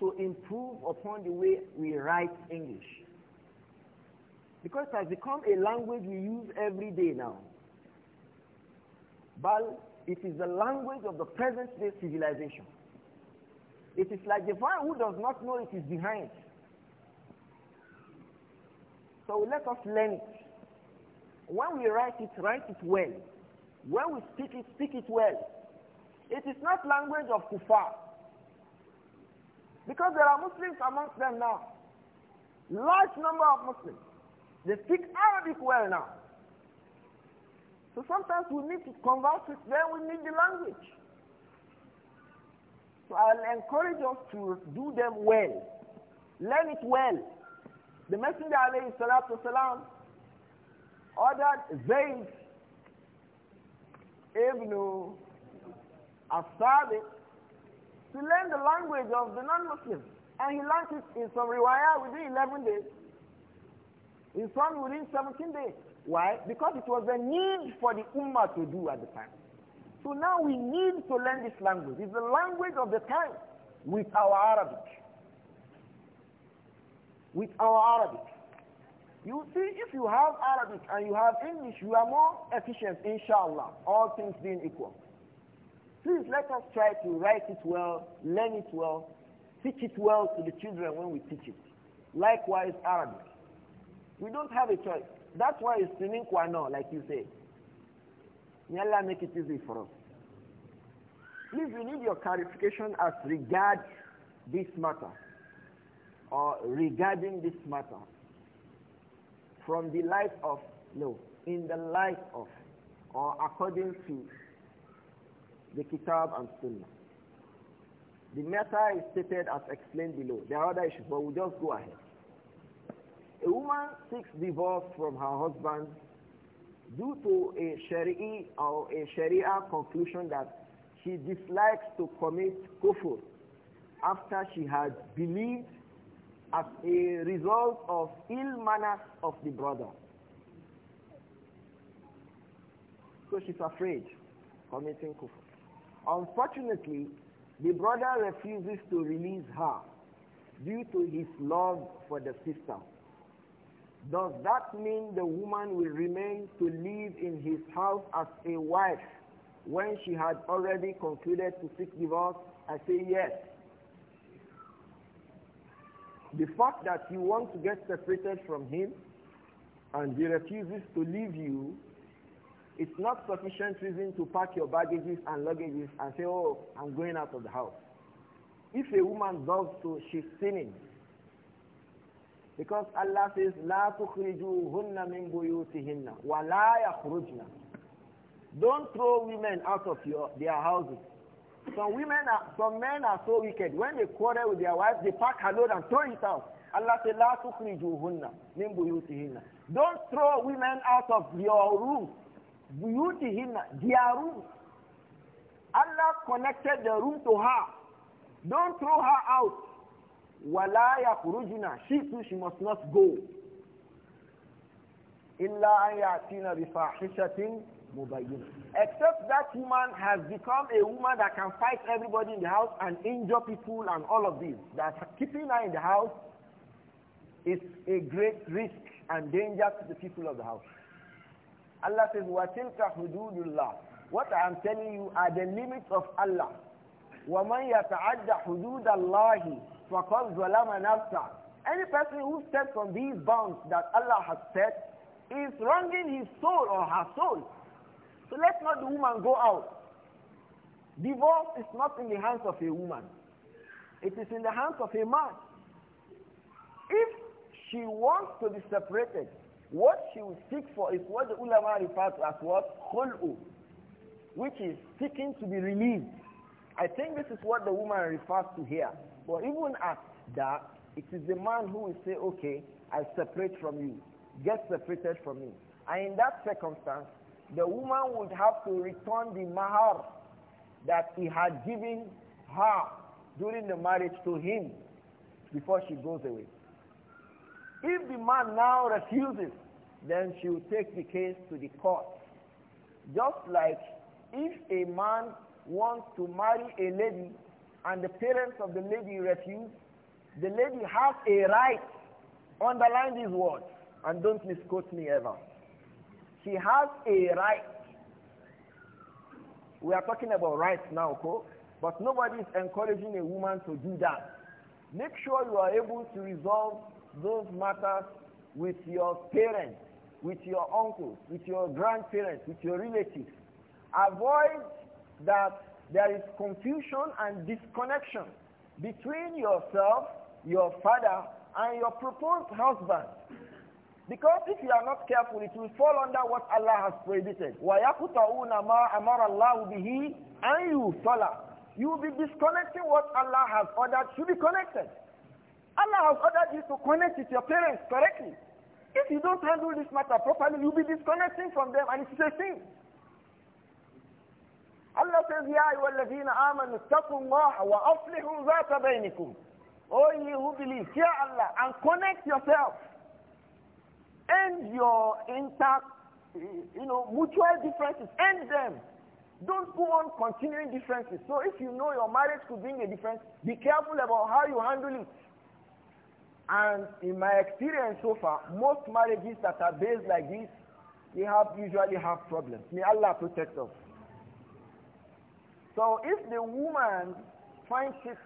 to improve upon the way we write English. Because it has become a language we use every day now. But it is the language of the present day civilization. It is like the one who does not know it is behind. So let us learn it. When we write it, write it well. When we speak it, speak it well. It is not language of kufar. Because there are Muslims amongst them now. Large number of Muslims. They speak Arabic well now. So sometimes we need to converse with them, we need the language. So I'll encourage us to do them well. Learn it well. The Messenger alayhi salatu salam ordered Zayd ibn Asabiq to learn the language of the non-Muslims. And he learned it in some riwayah within 11 days in some within 17 days. Why? Because it was a need for the Ummah to do at the time. So now we need to learn this language. It's the language of the time with our Arabic. With our Arabic. You see, if you have Arabic and you have English, you are more efficient, inshallah, all things being equal. Please let us try to write it well, learn it well, teach it well to the children when we teach it. Likewise, Arabic. We don't have a choice. That's why it's sinin qua non, like you say. May Allah make it easy for us. Please, we need your clarification as regards this matter or regarding this matter from the light of, no, in the light of or according to the Kitab and Sunnah. The matter is stated as explained below. There are other issues, but we'll just go ahead a woman seeks divorce from her husband due to a sharia or a sharia conclusion that she dislikes to commit kufr after she had believed as a result of ill manners of the brother. So she's afraid committing kufr. Unfortunately, the brother refuses to release her due to his love for the sister. Does that mean the woman will remain to live in his house as a wife when she had already concluded to seek divorce? I say yes. The fact that you want to get separated from him and he refuses to leave you, it's not sufficient reason to pack your baggages and luggages and say, oh, I'm going out of the house. If a woman does so, she's sinning. Because Allah says, La tukhrijuhunna min buyutihinna wa la yakhrujna. Don't throw women out of your, their houses. Some women are, some men are so wicked. When they quarrel with their wives, they pack her load and throw it out. Allah says, La tukhrijuhunna min buyutihinna. Don't throw women out of your room. Buyutihinna, their room. Allah connected the room to her. Don't throw her out wala She too, she must not go. Illa an yatina Except that woman has become a woman that can fight everybody in the house and injure people and all of this. That keeping her in the house is a great risk and danger to the people of the house. Allah says, وَتِلْكَ حُدُودُ اللَّهِ What I am telling you are the limits of Allah. وَمَنْ يَتَعَدَّ حُدُودَ اللَّهِ فَقَدْ ظَلَمَ نَفْسَهُ Any person who steps from these bounds that Allah has set is wronging his soul or her soul. So let not the woman go out. Divorce is not in the hands of a woman. It is in the hands of a man. If she wants to be separated, what she will seek for is what the ulama refers to as what? Khul'u, which is seeking to be released. I think this is what the woman refers to here. But even at that, it is the man who will say, okay, I separate from you. Get separated from me. And in that circumstance, the woman would have to return the mahar that he had given her during the marriage to him before she goes away. If the man now refuses, then she will take the case to the court. Just like if a man wants to marry a lady and the parents of the lady refuse, the lady has a right, underline these words, and don't misquote me ever. She has a right. We are talking about rights now, okay? but nobody is encouraging a woman to do that. Make sure you are able to resolve those matters with your parents, with your uncles, with your grandparents, with your relatives. Avoid that there is confusion and disconnection between yourself, your father, and your proposed husband. Because if you are not careful, it will fall under what Allah has prohibited. وَيَقْطَعُونَ مَا Allah will be أَنْ and You will be disconnecting what Allah has ordered to be connected. Allah has ordered you to connect with your parents correctly. If you don't handle this matter properly, you'll be disconnecting from them and it's a sin. Allah says, Ya ayyuhalladhina amanu taqullaha wa aslihu bainakum. ye who believe, fear Allah and connect yourself. End your intact, you know, mutual differences. End them. Don't go on continuing differences. So if you know your marriage could bring a difference, be careful about how you handle it. And in my experience so far, most marriages that are based like this, they have usually have problems. May Allah protect us. So if the woman finds it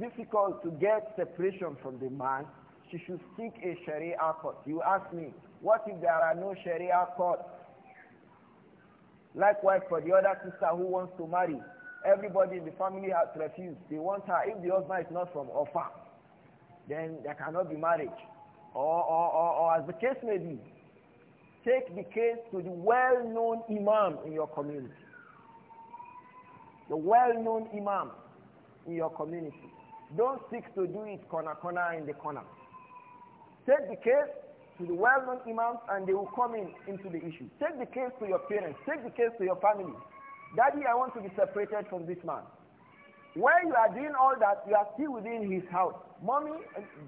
difficult to get separation from the man, she should seek a Sharia court. You ask me, what if there are no Sharia courts? Likewise for the other sister who wants to marry, everybody in the family has refused. They want her, if the husband is not from Offa, then there cannot be marriage. Or, or, or, or as the case may be, take the case to the well-known imam in your community the well-known imam in your community. Don't seek to do it corner corner in the corner. Take the case to the well-known imams and they will come in into the issue. Take the case to your parents. Take the case to your family. Daddy, I want to be separated from this man. When you are doing all that, you are still within his house. Mommy,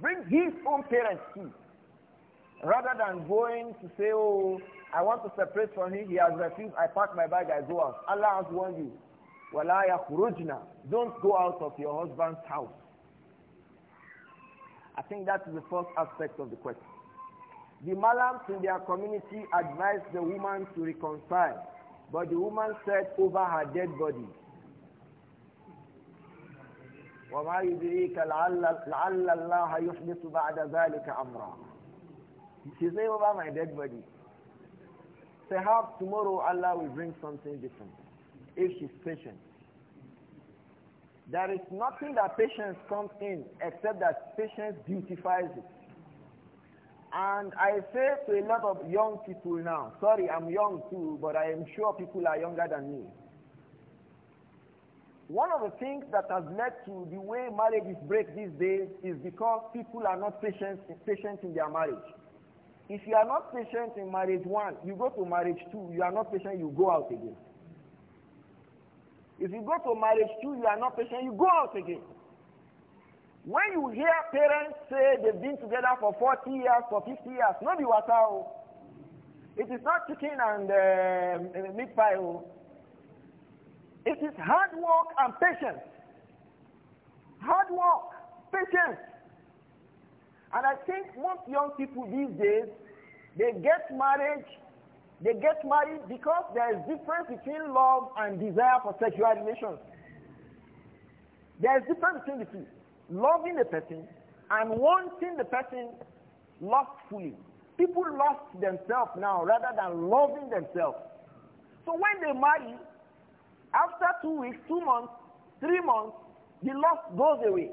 bring his own parents too. Rather than going to say, oh, I want to separate from him. He has refused. I pack my bag. I go out. Allah has warned you. وَلَا يَخْرُجْنَا Don't go out of your husband's house. I think that is the first aspect of the question. The Malams in their community advised the woman to reconcile, but the woman said over her dead body. وما يدريك لعل الله يحدث بعد ذلك أمرا She said over my dead body. Perhaps tomorrow Allah will bring something different if she's patient. There is nothing that patience comes in except that patience beautifies it. And I say to a lot of young people now, sorry, I'm young too, but I am sure people are younger than me. One of the things that has led to the way marriages break these days is because people are not patient, patient in their marriage. If you are not patient in marriage one, you go to marriage two, you are not patient, you go out again. If you go to marriage too, you are not patient, you go out again. When you hear parents say they've been together for 40 years, for 50 years, no be water. Oh. It is not chicken and um, uh, meat pie. Oh. It is hard work and patience. Hard work, patience. And I think most young people these days, they get married they get married because there is difference between love and desire for sexual relations. There is difference between the two. Loving the person and wanting the person lustfully. People lust themselves now rather than loving themselves. So when they marry, after two weeks, two months, three months, the lust goes away.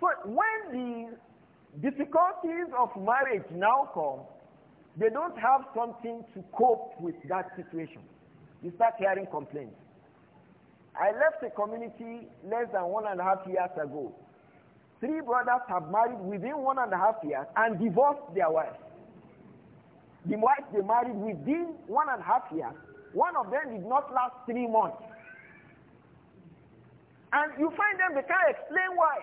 So when the difficulties of marriage now come, they don't have something to cope with that situation. You start hearing complaints. I left the community less than one and a half years ago. Three brothers have married within one and a half years and divorced their wives. The wives they married within one and a half years, one of them did not last three months. And you find them, they can't explain why.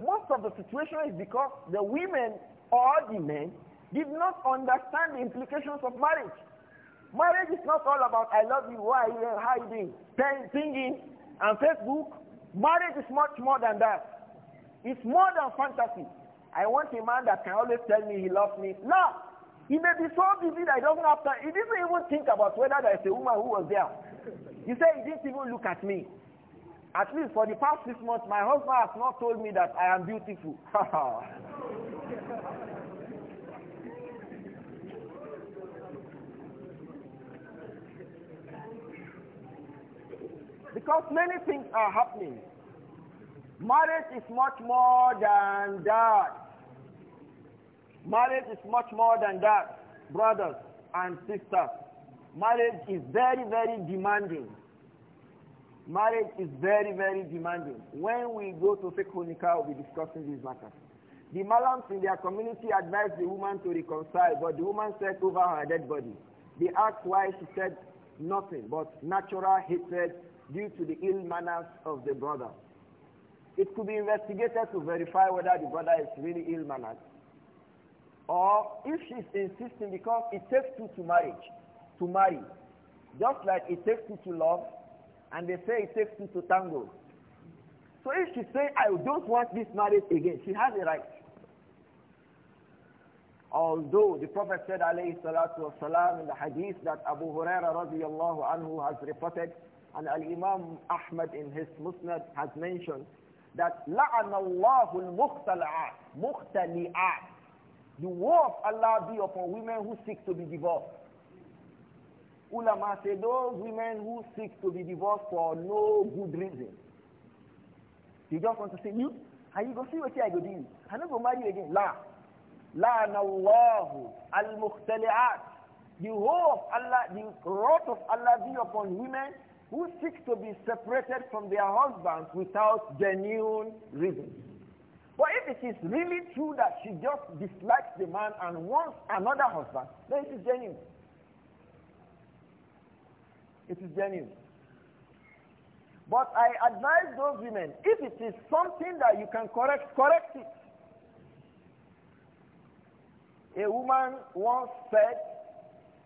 Most of the situation is because the women or the men did not understand the implications of marriage. Marriage is not all about I love you, why you hiding, singing, and Facebook. Marriage is much more than that. It's more than fantasy. I want a man that can always tell me he loves me. No! He may be so busy that he doesn't have time. He didn't even think about whether there is a woman who was there. He said he didn't even look at me. At least for the past six months, my husband has not told me that I am beautiful. Because many things are happening. Marriage is much more than that. Marriage is much more than that, brothers and sisters. Marriage is very, very demanding. Marriage is very, very demanding. When we go to Fekonika, we'll be discussing these matters. The Malams in their community advised the woman to reconcile, but the woman said over her dead body. They asked why she said nothing but natural hatred due to the ill manners of the brother. It could be investigated to verify whether the brother is really ill mannered. Or if she's insisting because it takes two to marriage, to marry. Just like it takes two to love, and they say it takes two to tango. So if she say, I don't want this marriage again, she has a right. Although the Prophet said, alayhi salatu wasalam, in the hadith that Abu Huraira radiallahu anhu has reported, and Al-Imam Ahmad in his Musnad has mentioned that لَعَنَ اللَّهُ الْمُخْتَلِعَاتِ مُخْتَلِعَاتِ The woe of Allah be upon women who seek to be divorced. Ulama say those women who seek to be divorced for no good reason. They just want to say, you, are you go see what I go do. I don't never marry you again. La. La na Allahu al-mukhtali'at. The hope of Allah, the wrath of Allah be upon women who seek to be separated from their husbands without genuine reason. But if it is really true that she just dislikes the man and wants another husband, then it is genuine. It is genuine. But I advise those women, if it is something that you can correct, correct it. A woman once said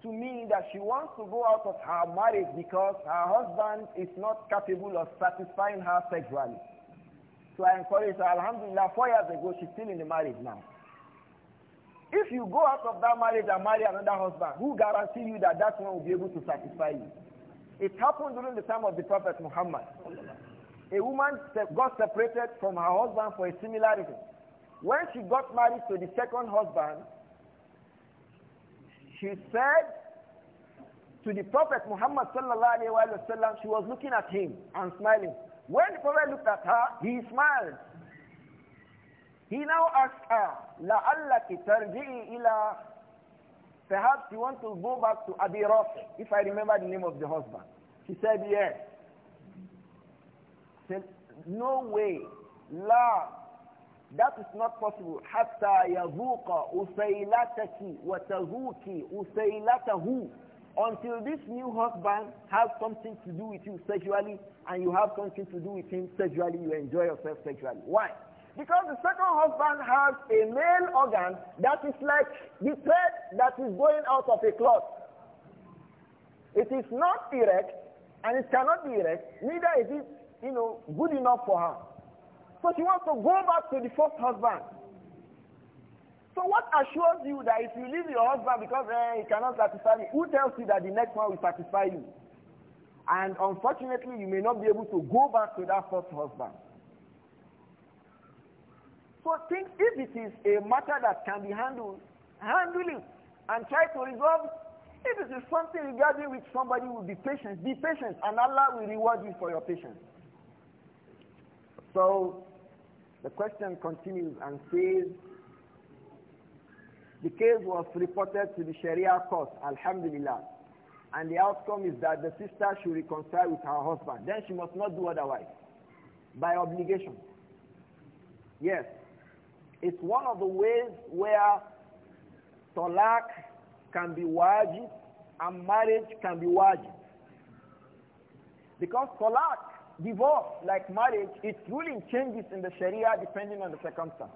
to me that she wants to go out of her marriage because her husband is not capable of satisfying her sexually. So I encourage her, Alhamdulillah, four years ago, she's still in the marriage now. If you go out of that marriage and marry another husband, who guarantees you that that one will be able to satisfy you? It happened during the time of the Prophet Muhammad. A woman got separated from her husband for a similar reason. When she got married to the second husband, she said to the Prophet Muhammad sallallahu she was looking at him and smiling. When the Prophet looked at her, he smiled. He now asked her, ki تَرْجِئِ ila. Perhaps you want to go back to Abi Rafi, if I remember the name of the husband. She said, yes. said, no way. La that is not possible. حتى يذوق أسيلتك وتذوقي أسيلته until this new husband has something to do with you sexually and you have something to do with him sexually, you enjoy yourself sexually. Why? Because the second husband has a male organ that is like the thread that is going out of a cloth. It is not erect and it cannot be erect, neither is it, you know, good enough for her. So she wants to go back to the first husband. So what assures you that if you leave your husband because eh, he cannot satisfy you, who tells you that the next one will satisfy you? And unfortunately, you may not be able to go back to that first husband. So think if it is a matter that can be handled, handle it and try to resolve If it is something regarding which somebody will be patient, be patient and Allah will reward you for your patience. So the question continues and says, the case was reported to the Sharia court, alhamdulillah. And the outcome is that the sister should reconcile with her husband. Then she must not do otherwise. By obligation. Yes. It's one of the ways where talaq can be wajib and marriage can be wajib. Because talaq divorce, like marriage, its ruling changes in the Sharia depending on the circumstance.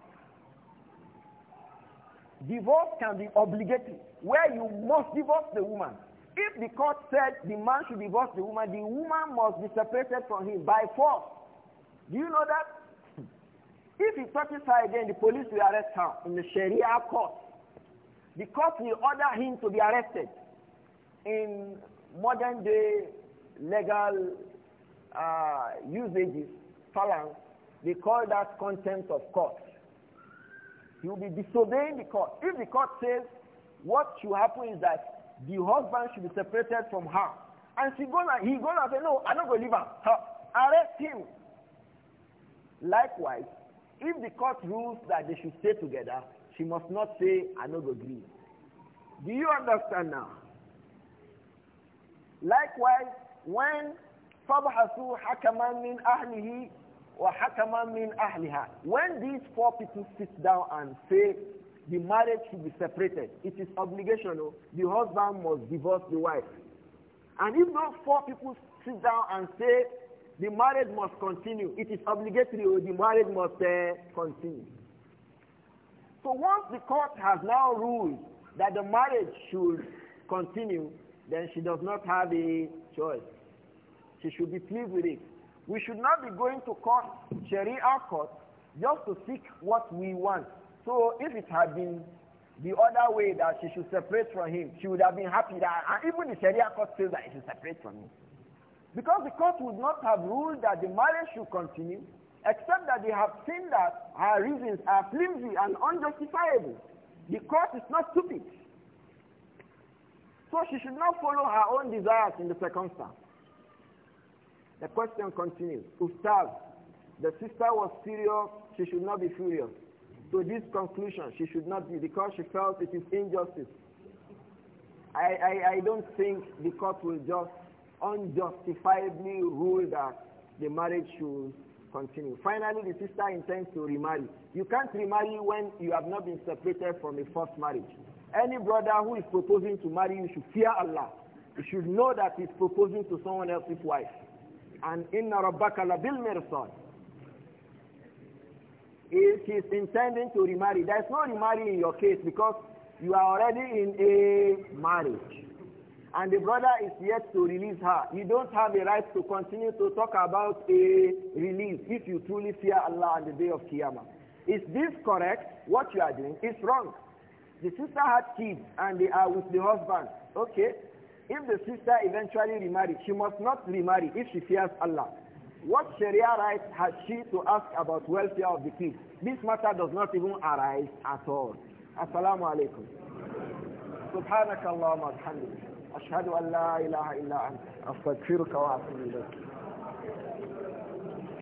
Divorce can be obligatory, where you must divorce the woman. If the court said the man should divorce the woman, the woman must be separated from him by force. Do you know that? If he touches her again, the police will arrest her in the Sharia court. The court will order him to be arrested. In modern day legal uh, usages, parlance, they call that contempt of court. He will be disobeying the court. If the court says what should happen is that the husband should be separated from her, and she gonna he gonna say no, I'm not gonna leave her. her. Arrest him. Likewise, if the court rules that they should stay together, she must not say I'm not gonna leave. Do you understand now? Likewise, when when these four people sit down and say the marriage should be separated, it is obligational. Oh, the husband must divorce the wife. And if those four people sit down and say the marriage must continue, it is obligatory or oh, the marriage must uh, continue. So once the court has now ruled that the marriage should continue, then she does not have a choice. She should be pleased with it. We should not be going to court, Sharia court, just to seek what we want. So if it had been the other way that she should separate from him, she would have been happy that and even the Sharia court says that she should separate from him. Because the court would not have ruled that the marriage should continue, except that they have seen that her reasons are flimsy and unjustifiable. The court is not stupid. So she should not follow her own desires in the circumstance. The question continues. Ustaz, the sister was serious, she should not be furious. To this conclusion, she should not be because she felt it is injustice. I, I, I don't think the court will just unjustifiably rule that the marriage should continue. Finally, the sister intends to remarry. You can't remarry when you have not been separated from a first marriage. Any brother who is proposing to marry you should fear Allah. You should know that he's proposing to someone else's wife. And inna rabbaka labil mirsad. If he's intending to remarry, there's no remarry in your case because you are already in a marriage. And the brother is yet to release her. You don't have a right to continue to talk about a release if you truly fear Allah on the day of Qiyamah. Is this correct? What you are doing is wrong. The sister had kids and they are with the husband. Okay, if the sister eventually remarries, she must not remarry if she fears Allah. What Sharia right has she to ask about welfare of the kids? This matter does not even arise at all. Assalamu alaikum. سبحانك اللهم وبحمدك أشهد أن لا إله إلا أنت